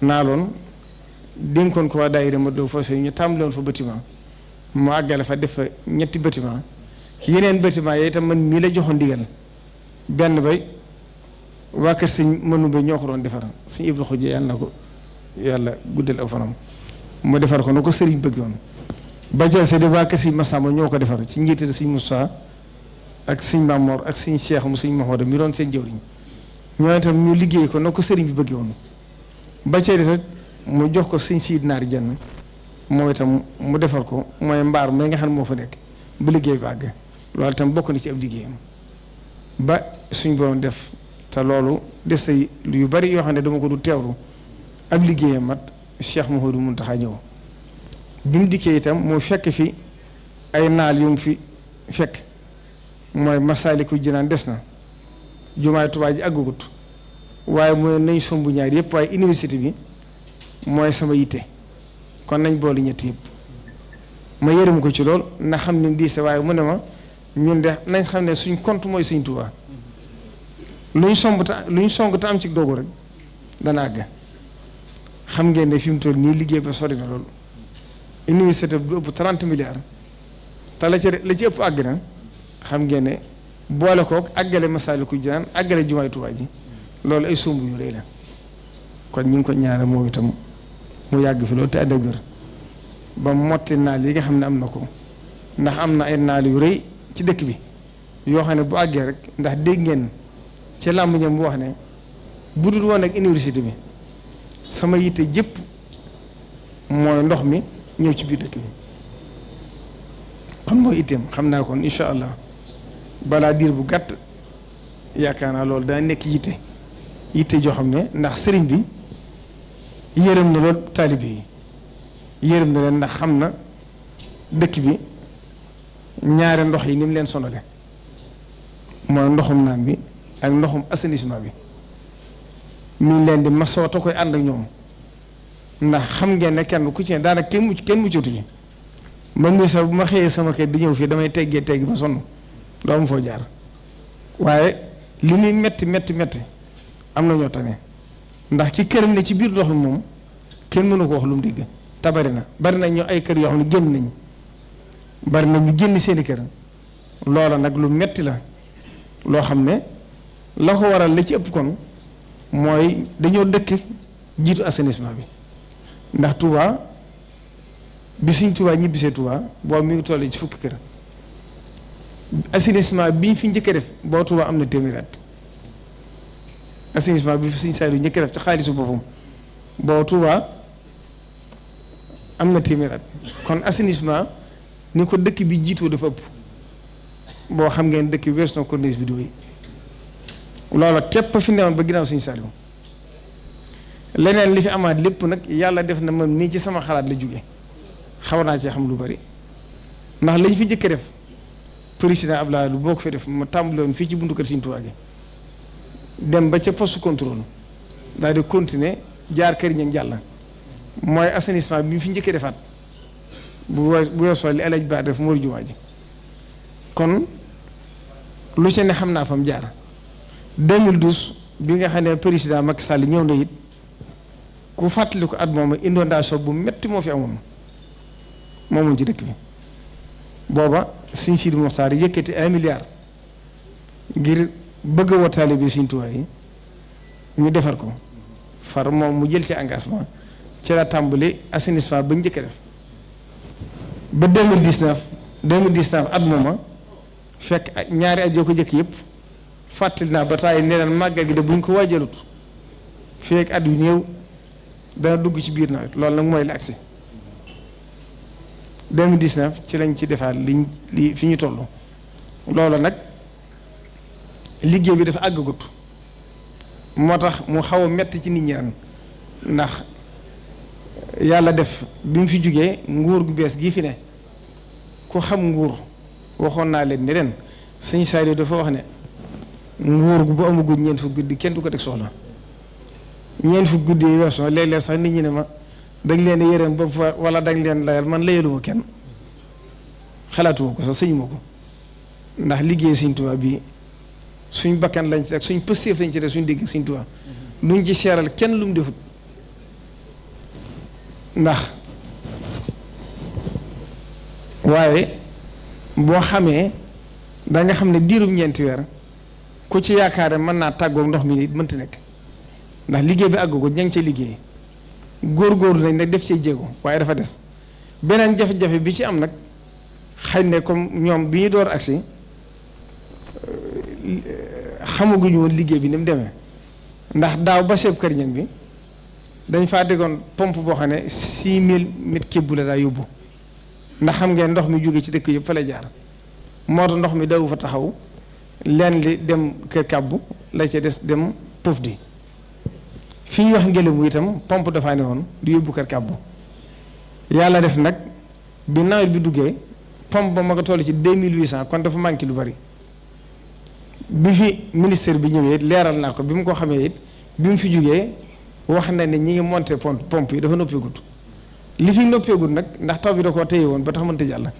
Speaker 1: naaloon dénkoon ko waa dem ma dow foofu ñu tàmbali woon fa bâtiment mu àggale fa def fa ñetti bâtiment yeneen bâtiment yooyu itam man mii la joxoon ndigal benn bay waa kër sëñ mënu ba ñoo ko doon defar sëñ Ibra Xujje yàlla na ko yàlla guddal aw fanam mu defar ko na ko sëriñ bëgg woon ba jël sa di waa kër sëñ Massamba ñoo ko defar ci njiital sëñ Moussa ak sëñ Mamoor ak sëñ Cheikh mu sëñ Mahmouda mi doon seen jëwriñ ñoo itam ñu liggéey ko na ko sëriñ bi bëggee woon ba ca des mu jox ko sëñ siid naar jenn moo itam mu defar ko mooy mbaar mi nga xam ne moo fa nekk ba liggéey bi àgg loolu itam bokk na ci ab liggéeyam ba suñ borom def te loolu des tay yu bari yoo xam ne dama ko du teewlu ab liggéeyam mat mun tax a ñëw bi mu dikkee itam mu fekk fi ay naal yu mu fi fekk mooy Masaalikul Jinaan des na jumaay Tuubaa ji àggagut waaye mooy nañ sombu ñaar yëpp waaye université bi mooy sama yitte kon nañ boole ñett yëpp ma mu ko ci lool na xam ne diise waaye mu ne ma ñun de nañ xam ne suñ compte mooy Sëñ Tuubaa luñ somb ta luñ song te am ci doogu rek dana àgg xam ngeen ne fi mu toll nii liggéey ba sori loolu université bu ëpp 30 milliards te la ci la ci ëpp àgg na xam ngeen boole kook àggale Masaalikul Jinaan àggale jumaay Tuubaa ji loolu ay sumb yu rëy la kon ñu ngi ko ñaanal moo itam mu yàgg fi loolu te ànd ak wér ba motti naal yi nga xam ne am na ko ndax am na ay naal yu rëy ci dëkk bi yoo xam ne bu àggee rek ndax dégg ngeen ci làmb ñam wax ne bu dul woon ak université bi sama yitte jëpp mooy ndox mi ñëw ci biir dëkk bi kon mooy itteem xam naa kon incha allah. balaa diir bu gàtt yaakaar naa loolu daa nekk yitte yitte joo xam ne ndax sëriñ bi yërëm na lool taalibe yi yërëm na leen ndax xam na dëkk bi ñaari ndox yi ni mu leen sonale mooy ndoxum naan bi ak ndoxum assainissement bi mi ngi leen di masoo te koy ànd ak ñoom ndax xam ngeen ne kenn ku ci ne daanaka kenn mucc kenn muccatu ci man mii sax bu ma xëyee sama kër di ñëw fii damay teggee tegg ba sonn. doo am foo jaar waaye li muy metti metti metti am na ñoo tane ndax ci këram ne ci biir ndox mi moom kenn mënu ko wax lu mu dégg te na bari na ñoo ay kër yoo xam ne génn nañ bari na ñu génn seeni kër loola nag lu metti la loo xam ne la ko waral li ci ëpp kon mooy dañoo dëkk jiitu assainissement bi ndax Touba bi suñ Touba ñibbisee Touba boobu mi ngi toll ci fukki kër assainissement bi ñu fi njëkk a def boo Touba am na assainissement bi fi Sëñ Saliou njëkk def ci xaalisu bopum bo Touba amna témirat kon assainissement ni ko dëkk bi jitu dafa ëpp bo xam ngeen dëkk bi wees na corniche bi doy loola képp fi neewon ba ginaaw Sëñ Saliou leneen li fi amaat lépp nag yàlla def na man nii ci sama xalaat la jóge xaw naa ci xam lu bëri ndax lañ fi njëkk def. président Abdoulaye boo ko fi def ma tàmbale woon fii ci buntu kër Sëriñ Tuubaa gi dem ba ca post contrôle daal di continuer jaar kër ña jàll mooy assainissement bi fi njëkkee defaat bu wee bu weesoo li alaj ba def mooy jumaa ji kon lu ci ne xam naa fa mu jaar 2012 bi nga xam ne président Macky Sall ñëw na it ku fàttali ko at moom inondation bu metti moo fi amoon moomuñ ci dëkk bi booba Sëñ Sidi Moxtaar yëkkati un milliard ngir bëgg woo taalibe Sëñ Tuubaa yi ñu defar ko far moom mu jël ci engagement ci la tàmbali assainissement ba njëkk a def ba 2019 2019 at mooma fekk ñaari at yoo ko jëkk yëpp fàttali naa ba taay nee naan màggal gi de bu ñu ko waajalut fekk at yu néew dana dugg ci biir nawet loolu nag mooy la agsi 2019 ci lañ ci defaat liñ li fi ñu toll loolu nag liggéey bi dafa àggagut moo tax mu xaw a metti ci nit ñi ren ndax yàlla def bi mu fi jógee nguur gu bees gii fi ne ku xam nguur waxoon naa leen ni ren sëñ Sadio dafa wax ne nguur gu bu amagut ñeent fu guddi kenn du ko teg soxla ñeent fu guddi yi weesoo léeg-léeg sax nit ñi ne ma dañ leen yërëm bopp wala dañ leen layal man layaluma kenn xalaatuma ko sax sëñuma ko ndax liggéey Sëñ Tuubaa bi suñ bakkan lañ ci teg suñ pësteef lañ ci teg suñ dégg Sëñ Tuubaa luñ ci seeral kenn lu mu defut ndax waaye boo xamee danga xam ne diirum ñeenti weer ku ci yaakaare mën naa tàggoog ndox mi nit mënti nekk ndax liggéey bi àggu ko ña ngi ca liggéey góor nañ nag def cee jéego waaye dafa des beneen jafe-jafe bi ci am nag xëy ne comme ñoom bi ñu door agsi euh, xamaguñu woon liggéey bi ni mu demee ndax daaw ba seeb kër ñan bi dañ faa déggoon pompe boo xam ne six mille mètres cubes la daa yóbbu ndax xam ngeen ndox mi jóge ci dëkk yëpp fa la jaar moo tax ndox mi dawu fa taxaw leen li dem kër kàbbu lay ca des dem puuf di fi ñuy wax ngelaw itam pompe dafa ne woon di yóbbu kër kàbbu yàlla def nag bi nawet bi duggee pompe ba ma ko toll ci deux mille huit cent kon dafa manqué lu bari bi fi ministère bi ñëwee leeral naa ko bi mu ko xamee it bi mu fi jugee wax na ne ñi ngi monté pompe pompe yi dafa noppeegut li fi noppeegut nag ndax taw bi da ko téye woon ba tax mënta jàll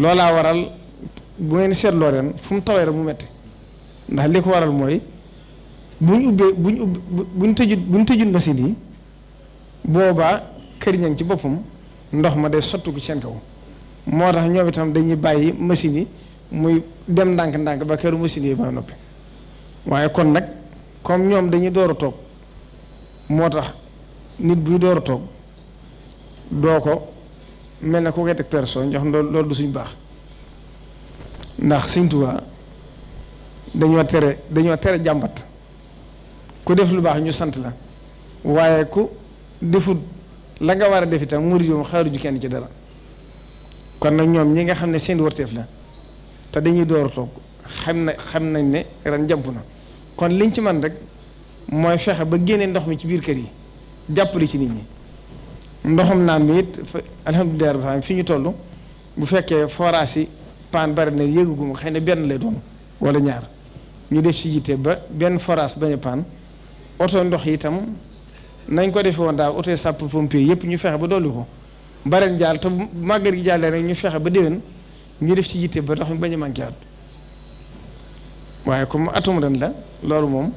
Speaker 1: laa waral bu ngeen seetloo ren fu mu tawee rek mu metti ndax li ko waral mooy. buñ ubbee bu ñu ubbi bu ñu tëjut bu tëjut machine yi boobaa kër ñang ci boppam ndox ma day sottu ko seen kaw moo tax ñoom itam dañuy bàyyi machine yi muy dem ndànk-ndànk ba këru machine yi ba noppi waaye kon nag comme ñoom dañuy door a toog moo tax nit buy door a toog doo ko mel na ko koy teg personne jox loolu du suñ baax ndax Sëñ dañoo tere dañoo tere jàmbat ku def lu baax ñu sant la waaye ku defut la nga war a def itam murid moom xaaruju kenn ci dara kon nag ñoom ñi nga xam ne seen warteef la te dañuy door toog xam na xam nañ ne ren jàpp na kon liñ ci man rek mooy fexe ba génnee ndox mi ci biir kër yi jàppale ci nit ñi ndoxum naan mi it alhamdulilah rabbil fi ñu toll bu fekkee forage yi paan bari na yéegagum xëy na benn lay wala ñaar ñu def ci yitte ba benn forage bañ a oto ndox yi tam nañ ko defee woon daaw oto sàpp pompier yëpp ñu fexe ba dolli ko bareen jaal te màggal gi jàllee rek ñu fexe ba déwén ñu def ci yitte ba ndox mi bañ a at waaye comme atum ren la loolu moom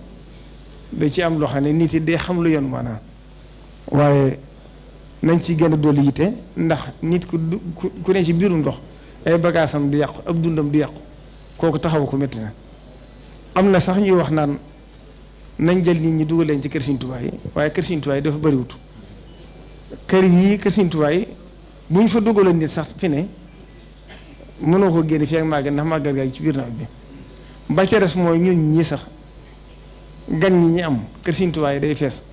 Speaker 1: da ci am loo xam ne nit yi day xam lu yoon maanaam waaye nañ ci gën a dolli yitte ndax nit ku ku ne ci biiru ndox ay bagaasam di yàqu ak dundam di yàqu kooku taxaw ko métti na am na sax ñuy wax naan. nañ jël nit ñi dugal leen ci kër Sëriñ Tuubaa waaye kër Sëriñ Tuubaa dafa bëriwut kër yii kër Sëriñ Tuubaa yi bu ñu fa dugaloon nit sax fi ne mënoo ko génne fii ak màggal ndax màggal gaa ci biir nawet bi ba ca des mooy ñun ñii sax gan ñi ñi am kër Sëriñ Tuubaa day fees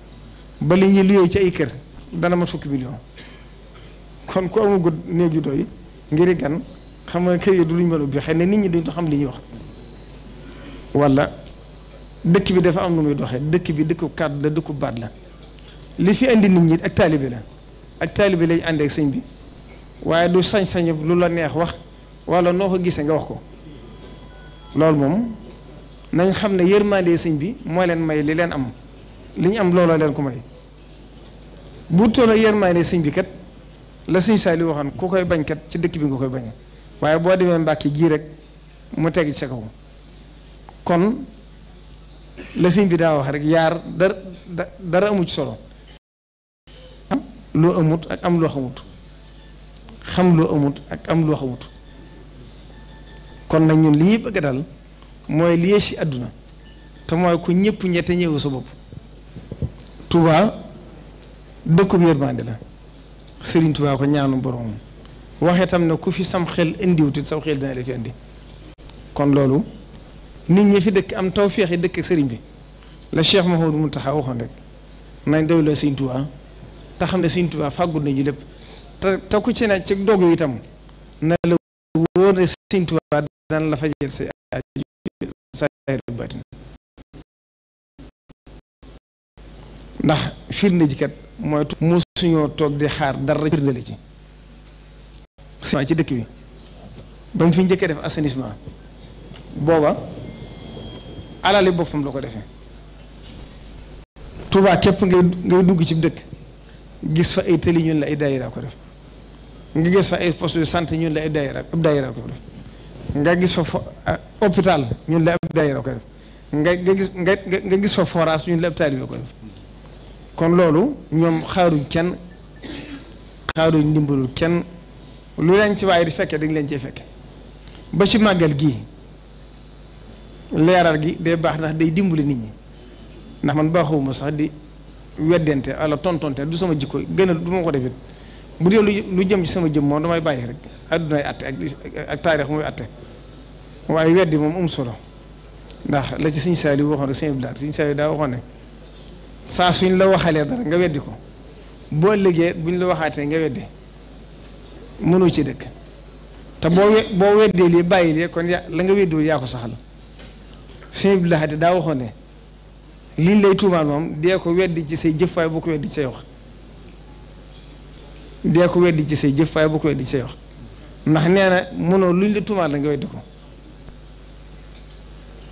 Speaker 1: ba li ñu luyee ci ay kër dana ma fukki million kon ku amagut néeg yu doy ngir gan xam nga kër yi du luñ mën a ubbi xëy na nit ñi duñ ko xam li ñuy wax wala. dëkk bi dafa am nu muy doxe dëkk bi dëkku kàddu la dëkku baat la li fi indi nit ñi ak taalibe la ak taalibe lañ àndee ak sëñ bi waaye du sañ-sañ lu la neex wax wala noo ko gisee nga wax ko loolu moom nañ xam ne yërmande sëñ bi moo leen may li leen am li ñu am looloo leen ko may bu toll yërmande sëñ bi kat la sëñ li waxoon ku koy bañ kat ci dëkk bi nga koy bañee waaye boo demee Mbàkke gii rek mu teg ci sa kaw kon. la sëñ bi daa wax rek yaar dara dara amu ci solo am loo amut ak am loo xamut xam loo amut ak am loo xamut kon nag ñun li ñuy bëgg dal mooy li yées ci àdduna te mooy ku ñëpp ñette ñëwu sa bopp Touba dëkkub yërmande la Serigne Touba ko ñaanu borom waxe tam ne ku fi sam xel indiwutit saw xel dina la indi kon loolu nit ñi fi dëkk am feex yi dëkk ak sëriñ bi la Cheikh Mouhamadou Mountakha waxoon rek nañ dawloo Sëriñ Tuubaa te xam ne Sëriñ Tuubaa fàggul nañu lépp te te ku ci ne ci dog yi itam na la wóor ne Sëriñ Tuubaa daan la ndax firnde ji kat mu suñoo toog di xaar dara firnde la ci ci dëkk bi bañ fi njëkk def assainissement booba alali boppam la ko defee tubaa képp ngay ngay dugg ci dëkk gis fa ay tëli ñun la ay daayira ko def nga gis fa ay poste de santé ñun la ay daayira ab ko def nga gis fa fo ah, ñun la ab daayira ko def gis nga nga gis fa la ko def kon loolu ñoom xaaruñ kenn xaaruñ ndimbalul kenn lu leen ci waaye di fekkee dañ leen cee fekke ba ci màggal gii leeral gi de baax ndax day dimbali nit ñi ndax man baaxuma sax di weddente wala tontonte du sama jikko gën a du ma ko defit bu dee lu jëm ci sama jëm moom damay bàyyi rek addunay atte ak ak taarix muy atte waaye weddi moom um solo ndax la ci Sëñ Saaliw waxoon rek Sëñ Abdou Lahad Sëñ Saaliw waxoon ne saa suñ la waxalee dara nga weddi ko boo liggéey buñ la waxaatee nga weddi mënoo ci dëkk te boo boo weddee lii bàyyi lii kon yaa la nga weddoo yaa ko saxal sëñ Abdou Lahad daa waxoon ne liñ lay tuumaal moom dee ko weddi ci say jëf waaye ko weddi ci say wax dee ko weddi ci say jëf waaye ko weddi ci say wax ndax nee na mënoo luñ la tuumaal la nga weddi ko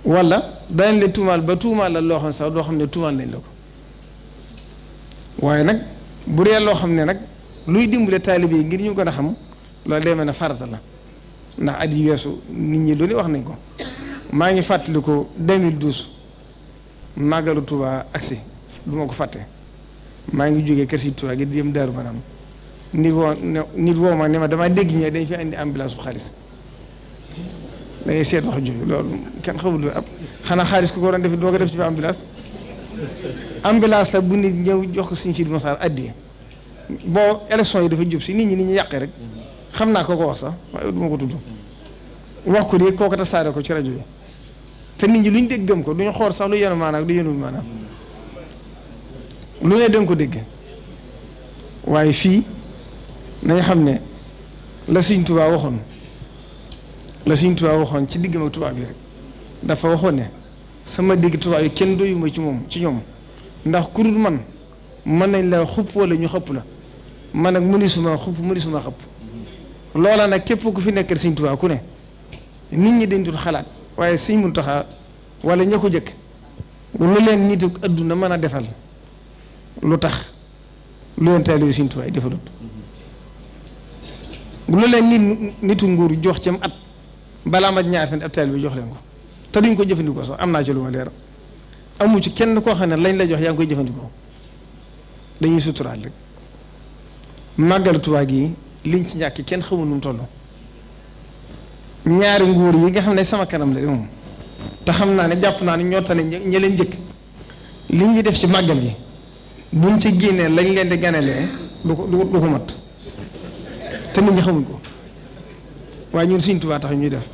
Speaker 1: walla danañ la tuumaal ba tuumaal la loo xam doo xam ne tuumaal nañ ko waaye nag bu dee loo xam ne nag luy dimbale taalibe yi ngir ñu gën a xam loolu day na ne farata la ndax at yi weesu nit ñi lu ne wax nañ ko maa ngi fàttaliku 2012 màggalu tubaa agsi du ma ko fàtte maa ngi jógee kër si Touba gi di jëm Daaru Manam nit ne nit woo ma ne ma damaa dégg ñu dañ fi indi ambulance bu xaalis da ngay seet wax jooju kenn xamul lu ab xanaa xaalis ku ko def doo ko def ci ba ambulance ambulance la bu nit ñëw jox ko Sëriñ Sidi Moxtaar addiya boo élection yi dafa jub si nit ñi nit ñi yàqee rek xam naa ko ko wax sax waaye du ko tudd wax ko de kooku saare ko ci rajo yi te nit ñi lu ñu gëm ko duñu xool sax lu yenu maanaam lu yenul maanaam lu ne danga ko dégg waaye fii nañ xam ne la Sëñ Tuubaa waxoon la Sëñ Tuubaa waxoon ci diggam ak tubaab yi dafa waxoon ne sama digg tubaab yi kenn doyuma ci moom ci ñoom ndax ku dul man mën nañ la xupp walla ñu xëpp la man nag mënisuma xupp mënisuma xëpp loola nag képp ku fi nekkal Sëñ Tuubaa ku ne nit ñi dañ dul xalaat waaye siñ sëñ Muntaxa wala ña ko jëkk lu leen nit adduna mën a defal lu tax lu leen taalibe sëñ Tuubaa defalut lu leen nit nitu nguur jox ci at balaa ma ñaar fan ab taalibe jox leen ko te duñ ko jëfandikoo sax am naa ci lu ma leer amu ci kenn koo xam ne lañ la jox yaa ngi koy jëfandikoo dañuy suturaal rek màggalu Tuubaa gi liñ ci ñàkk kenn xamul nu mu toll. ñaari nguur yi nga xam ne sama kanam la di moom te xam naa ne jàpp naa ne ñoo tane ñi leen njëkk li ñuy def ci màggal gi buñ ci génnee lañ leen di ganelee du ko du ko mat te nit ñi ko waaye ñun Sëriñ tax ñuy def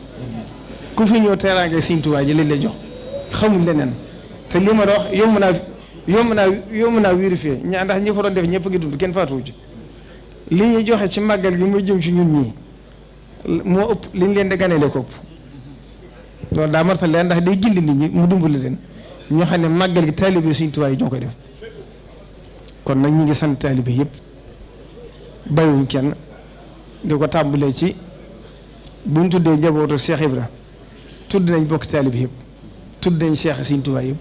Speaker 1: ku fi ñëw teeraange Sëriñ Tuubaa ji lañ lay jox xamuñ leneen te lii ma dox yomb naa yomb naa yomb naa vérifier ñaa ndax ñi ko doon def ñëpp ngi dund kenn faatuwu ci li ñuy joxe ci màggal gi muy jëm ci ñun ñii moo ëpp li leen di ganeele ko ëpp loolu daa martal leen ndax day gindi nit ñi mu dimbali leen ñoo xam ne màggal gi taalibe suñu tubaab yi ñoo koy def kon nag ñi ngi sant taalibe yëpp bàyyiwuñ kenn di ko tàmbalee ci buñ tuddee njabootu Cheikh Ibra tudd nañ bokk taalibe yëpp tudd nañ Cheikh suñu tubaab yëpp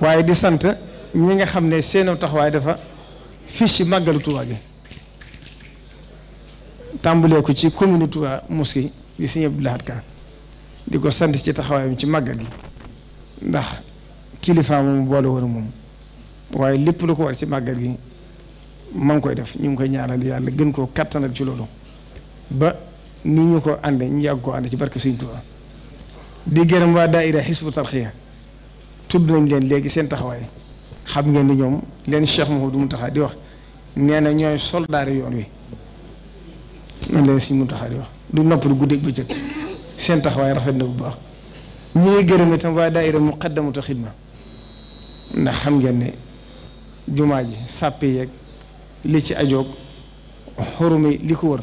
Speaker 1: waaye di sant ñi nga xam ne seen taxawaay dafa fiche si màggalu Tuubaa gi tàmbalee ko ci commune Touba Mosquée di Sëriñ Abdou di ko sant ci taxawaayam ci màggat gi ndax kilifa moom boole woon moom waaye lépp lu ko war ci màggat gi ma ngi koy def ñu ngi koy ñaanal yàlla gën koo kattanal ci loolu ba nii ñu ko ànde ñu yàgg ko ànd ci barke Sëriñ Touba di gërëm waa daaira Hisbu Tarxiya tudd nañ leen léegi seen taxawaay xam ngeen ni ñoom leen du mu Mountakha di wax nee na ñooy soldaari yoon wi man leen si Muntaxa di wax du noppalu guddeeg bëccëg seen taxawaay rafet na bu baax ñi ngi waa itam waa daayira muqaddamatu xidma ndax xam ngeen ne jumaa ji sàppe yeeg li ci ajoog xorumi li ko wër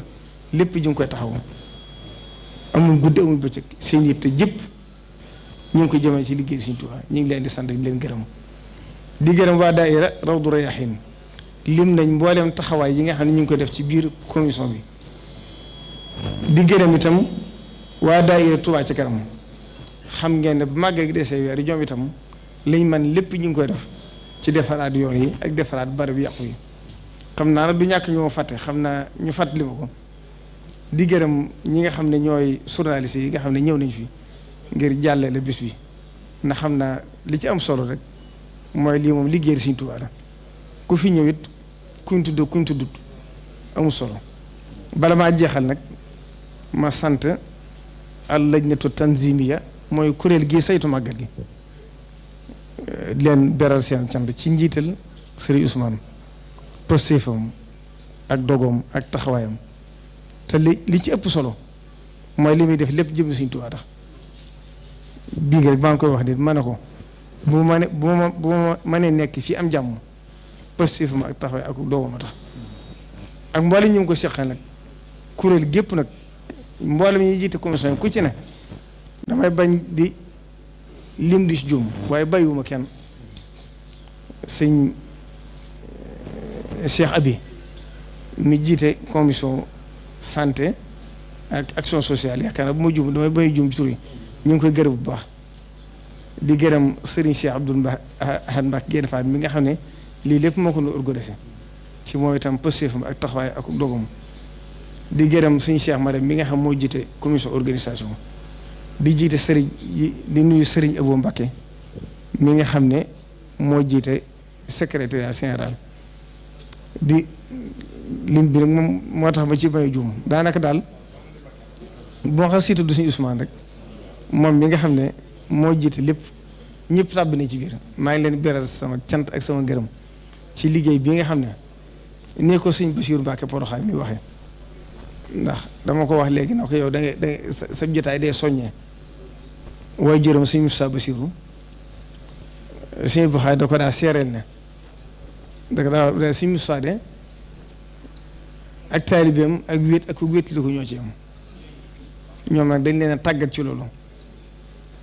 Speaker 1: lépp ju ngi koy taxaw amul guddi amul bëccëg seen yitte jëpp ñu ngi ko jëmee ci liggéey Sëriñ Tuubaa ñu ngi leen di sant di leen gërëm di gërëm waa daayira Rawdu Rayaahiin lim nañ mbooleem taxawaay yi nga xam ne ñu ngi ko def ci biir commission bi di gërëm itam waa daayira Touba ci kanam xam ngeen ne bu màggal gi desee weer yi jom itam liñ man lépp ñu ngi koy def ci defaraat yoon yi ak defaraat barab yàqu yi xam naa nag du ñàkk ñoo fàtte xam naa ñu fàttali ma ko di gërëm ñi nga xam ne ñooy journaliste yi nga xam ne ñëw nañ fi ngir jàllale bis bi na xam naa li ci am solo rek mooy lii moom liggéey Sëriñ Tuubaa la ku fi ñëw it kuñ tudd kuñ tuddut amul solo bala maa jeexal nag ma sant al lajnatu tanzimiya mooy kuréel gi saytu màggal gi eh, leen beral seen cant ci njiital sëriñ Ousmane postéefam ak dogoom ak taxawaayam te li li ci ëpp solo mooy li muy def lépp jëm Sëriñ Tuubaa tax bii nga maa ngi koy wax de ma ne ko bu ma ne bu ma bu ma mënee nekk fii am jàmm postéefam ak taxawaay ak dogoom a tax ak mboolem ñu ko seqal nag kuréel gépp nag mboolem ñi jiite commission yi ku ci ne damay bañ di lim di juum waaye bàyyiwuma kenn sëñ eh, Cheikh Abi mu jiite commission santé ak action sociale yaakaar naa bu ma juum damay bañ juum ci ñu ngi koy gërëm bu baax di gërëm Serigne Cheikh Abdoul Mbac Ahad Mbac Guèye Fall mi nga xam ne lii lépp moo ko doon organisé ci mooy itam positif ak taxawaay ak dogam. di gërëm suñu Cheikh Marème mi nga xam moo jiite commission organisation di jiite sëriñ di nuyu sëriñ Abo Mbakke mi nga xam ne moo jiite secrétariat général di lim bi rek moom moo tax ba ci bayu juum daanaka daal boo xa siita du suñu Ousmane rek moom mi nga xam ne moo jiite lépp ñëpp tàbbi na ci biir maa ngi leen beral sama cant ak sama gërëm ci liggéey bii nga xam ne nee ko suñ Basiiru Mbàkke Poroxaan mi waxee ndax dama ko wax léegi na ko yow da ngay da sa jotaay day soññee waaye juróom sëñ Moussa Bassirou sëñ da ko daa seereel ne da ko daa da sëñ de ak taalibeem ak wéet ak ku wéetli ko ñoo ci am ñoom nag dañ leen a tàggat ci loolu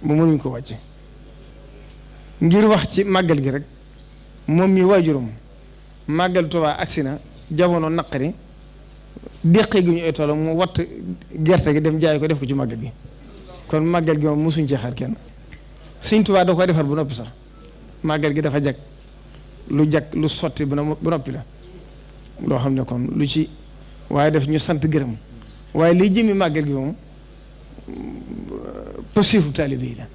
Speaker 1: ba mënuñ ko wàcce ngir wax ci màggal gi rek moom mi waajuram màggal Tuubaa agsi na jamono naqari déqee gi ñu ay toolam mu watt gerte gi dem jaay ko def ko ci màggal gi kon màgget gi moom mosuñ ci xaar kenn Sëñ Tuubaa da koy defar bu noppi sax màgget gi dafa jag lu jag lu sotti bu noppi la loo xam ne kon lu ci waaye def ñu sant gërëm waaye liy jëmi màgget gi moom positif taalibe yi la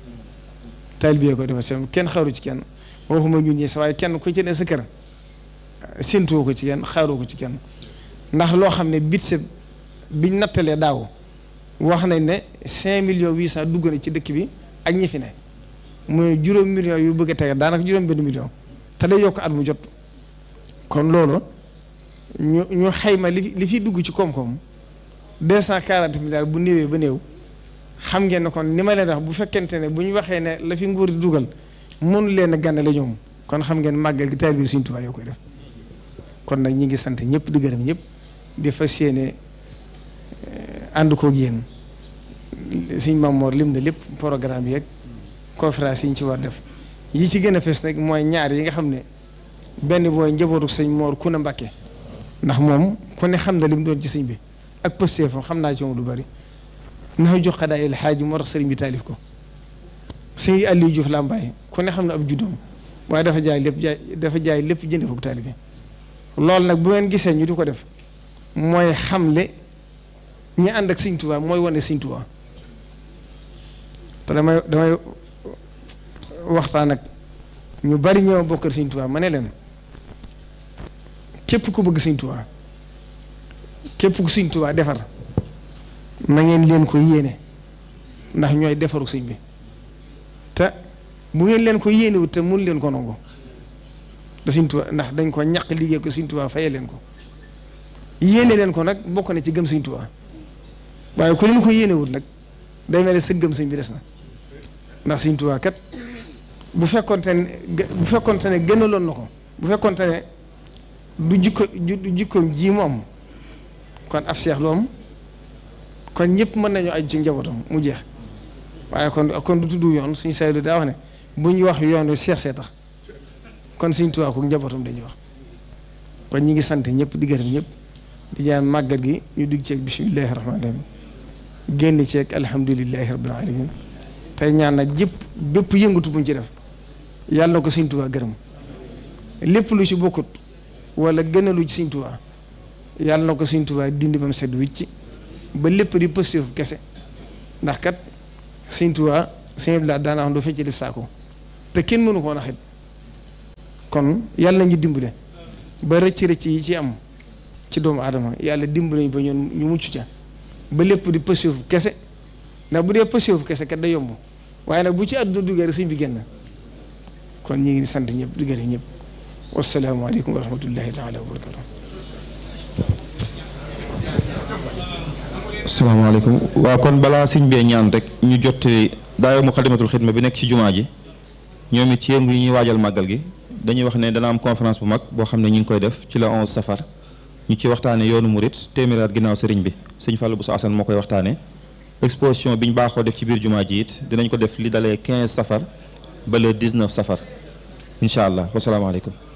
Speaker 1: taalibe yi koy defar seen kenn xaaru ci kenn waxuma ñun ñi sax waaye kenn ku ci ne sa kër séntuwoo ko ci kenn xaaroo ko ci kenn ndax loo xam ne budget biñ nattalee daaw wax nañ ne cinq million huit cent dugg na ci dëkk bi ak ñi fi ne mooy juróom millions yu bëgg a tege daanaka juróom benn million te day yokk at mu jot kon loolu ñu ñu ma li li fiy dugg ci koom-koom deux cent quarante milliards bu néewee ba néew xam ngeen ne kon ni ma leen wax bu fekkente ne bu ñu waxee ne la fi nguur di dugal mënu leen a gànnale ñoom kon xam ngeen màggal gi taalibe Sëriñ Tuubaa yoo koy def kon nag ñi ngi sant ñëpp di gërëm ñëpp. di fas yéene eh, ànd koog yéen sëñ Mamoor lim na lépp programme bi yeeg conférence yi def yi ci gën a fes nag mooy ñaar yi nga xam ne benn mooy njabootu sëñ Moor ku ne Mbàkke ndax moom ku ne xam na lim doon ci sëñ bi ak pëstee xam naa ci moom lu bari naxu jox ko xadaa il xaaj moo tax sëriñ bi taalif ko sëñ Aliou Diouf Lambaye ku ne xam na ab juddoom waaye dafa jaay lépp jaay dafa jaay lépp jënd ko taalibe loolu nag bu ngeen gisee ñu di ko def mooy xamle ñi ànd ak Sëñ Tuubaa mooy wane Sëñ Tuubaa te damay damay waxtaan ak ñu bari ñëw bokkal Sëñ Tuubaa ma ne leen képp ku bëgg Sëñ Tuubaa képp ku Sëñ Tuubaa defar na ngeen leen ko yéene ndax ñooy defaru sëñ bi te bu ngeen leen ko yéenewut te mun leen ko nangu da Sëñ Tuubaa ndax dañ ko ñaq liggéey ko Sëñ Tuubaa faye leen ko yéene leen ko nag bokk na ci gëm sëñ Tuubaa waaye ku mu ko yéenewul nag day mel ne gëm sëñ bi des na ndax sëñ Tuubaa kat bu fekkonte ne bu fekkonte ne gënaloon na ko bu fekkonte ne du jikko du jikkoom ji mu am kon ab seex lu am kon ñëpp mën nañu aju ci njabootam mu jeex waaye kon kon du tudd yoon suñu saylu daa wax ne bu ñu wax yoon wi seex see tax kon sëñ Tuubaa ko njabootam dañuy wax kon ñi ngi sant ñëpp di gërëm ñëpp di ñaan màggal gi ñu digg ceeg bisimilahi rahmaani rahim génn ceeg alhamdulilahi rabbil alamin tey ñaan nag jëpp bépp yëngatu buñ ci def yàlla na ko Sëñ Tuubaa gërëm lépp lu ci bokkut wala gënalu ci Sëñ Tuubaa yàlla ko Sëñ Tuubaa dindi ba mu sedd wicc ba lépp di pëstéefu kese ndax kat Sëñ Tuubaa sëñ bi laa daana wax du fecc def saako te kenn mënu koo naxit kon yàlla na ñu dimbale ba rëcc rëcc yi ci am ci doomu aadama yàlla dimbali ba ñun ñu muccu ca ba lepp di pësifu kese na bu dé pësifu kese ka da yomb waye nag bu ci àdduna dugare suñ bi genn kon ñi ngi sant ñëpp dugare ñëpp wasalaamaaleykum wa rahmatullahi taala wa assalamu alaykum wa kon bala siñ bi ñaan rek ñu jotté daayo mu khadimatul khidma bi nek ci juma ji ñoom ci yëngu ñi wajal magal gi dañuy wax ne dana am conférence bu mag bo xamné ñing koy def ci la 11 safar ñu ci waxtaane yoonu murit téeméeraat ginnaaw sëriñ bi sëñ Fallou Bousso asan moo koy waxtaane exposition bi ñu baaxoo def ci biir jumaa ji it dinañ ko def li dalee quinze safar ba le 19 safar incha allah wasalaamaaleykum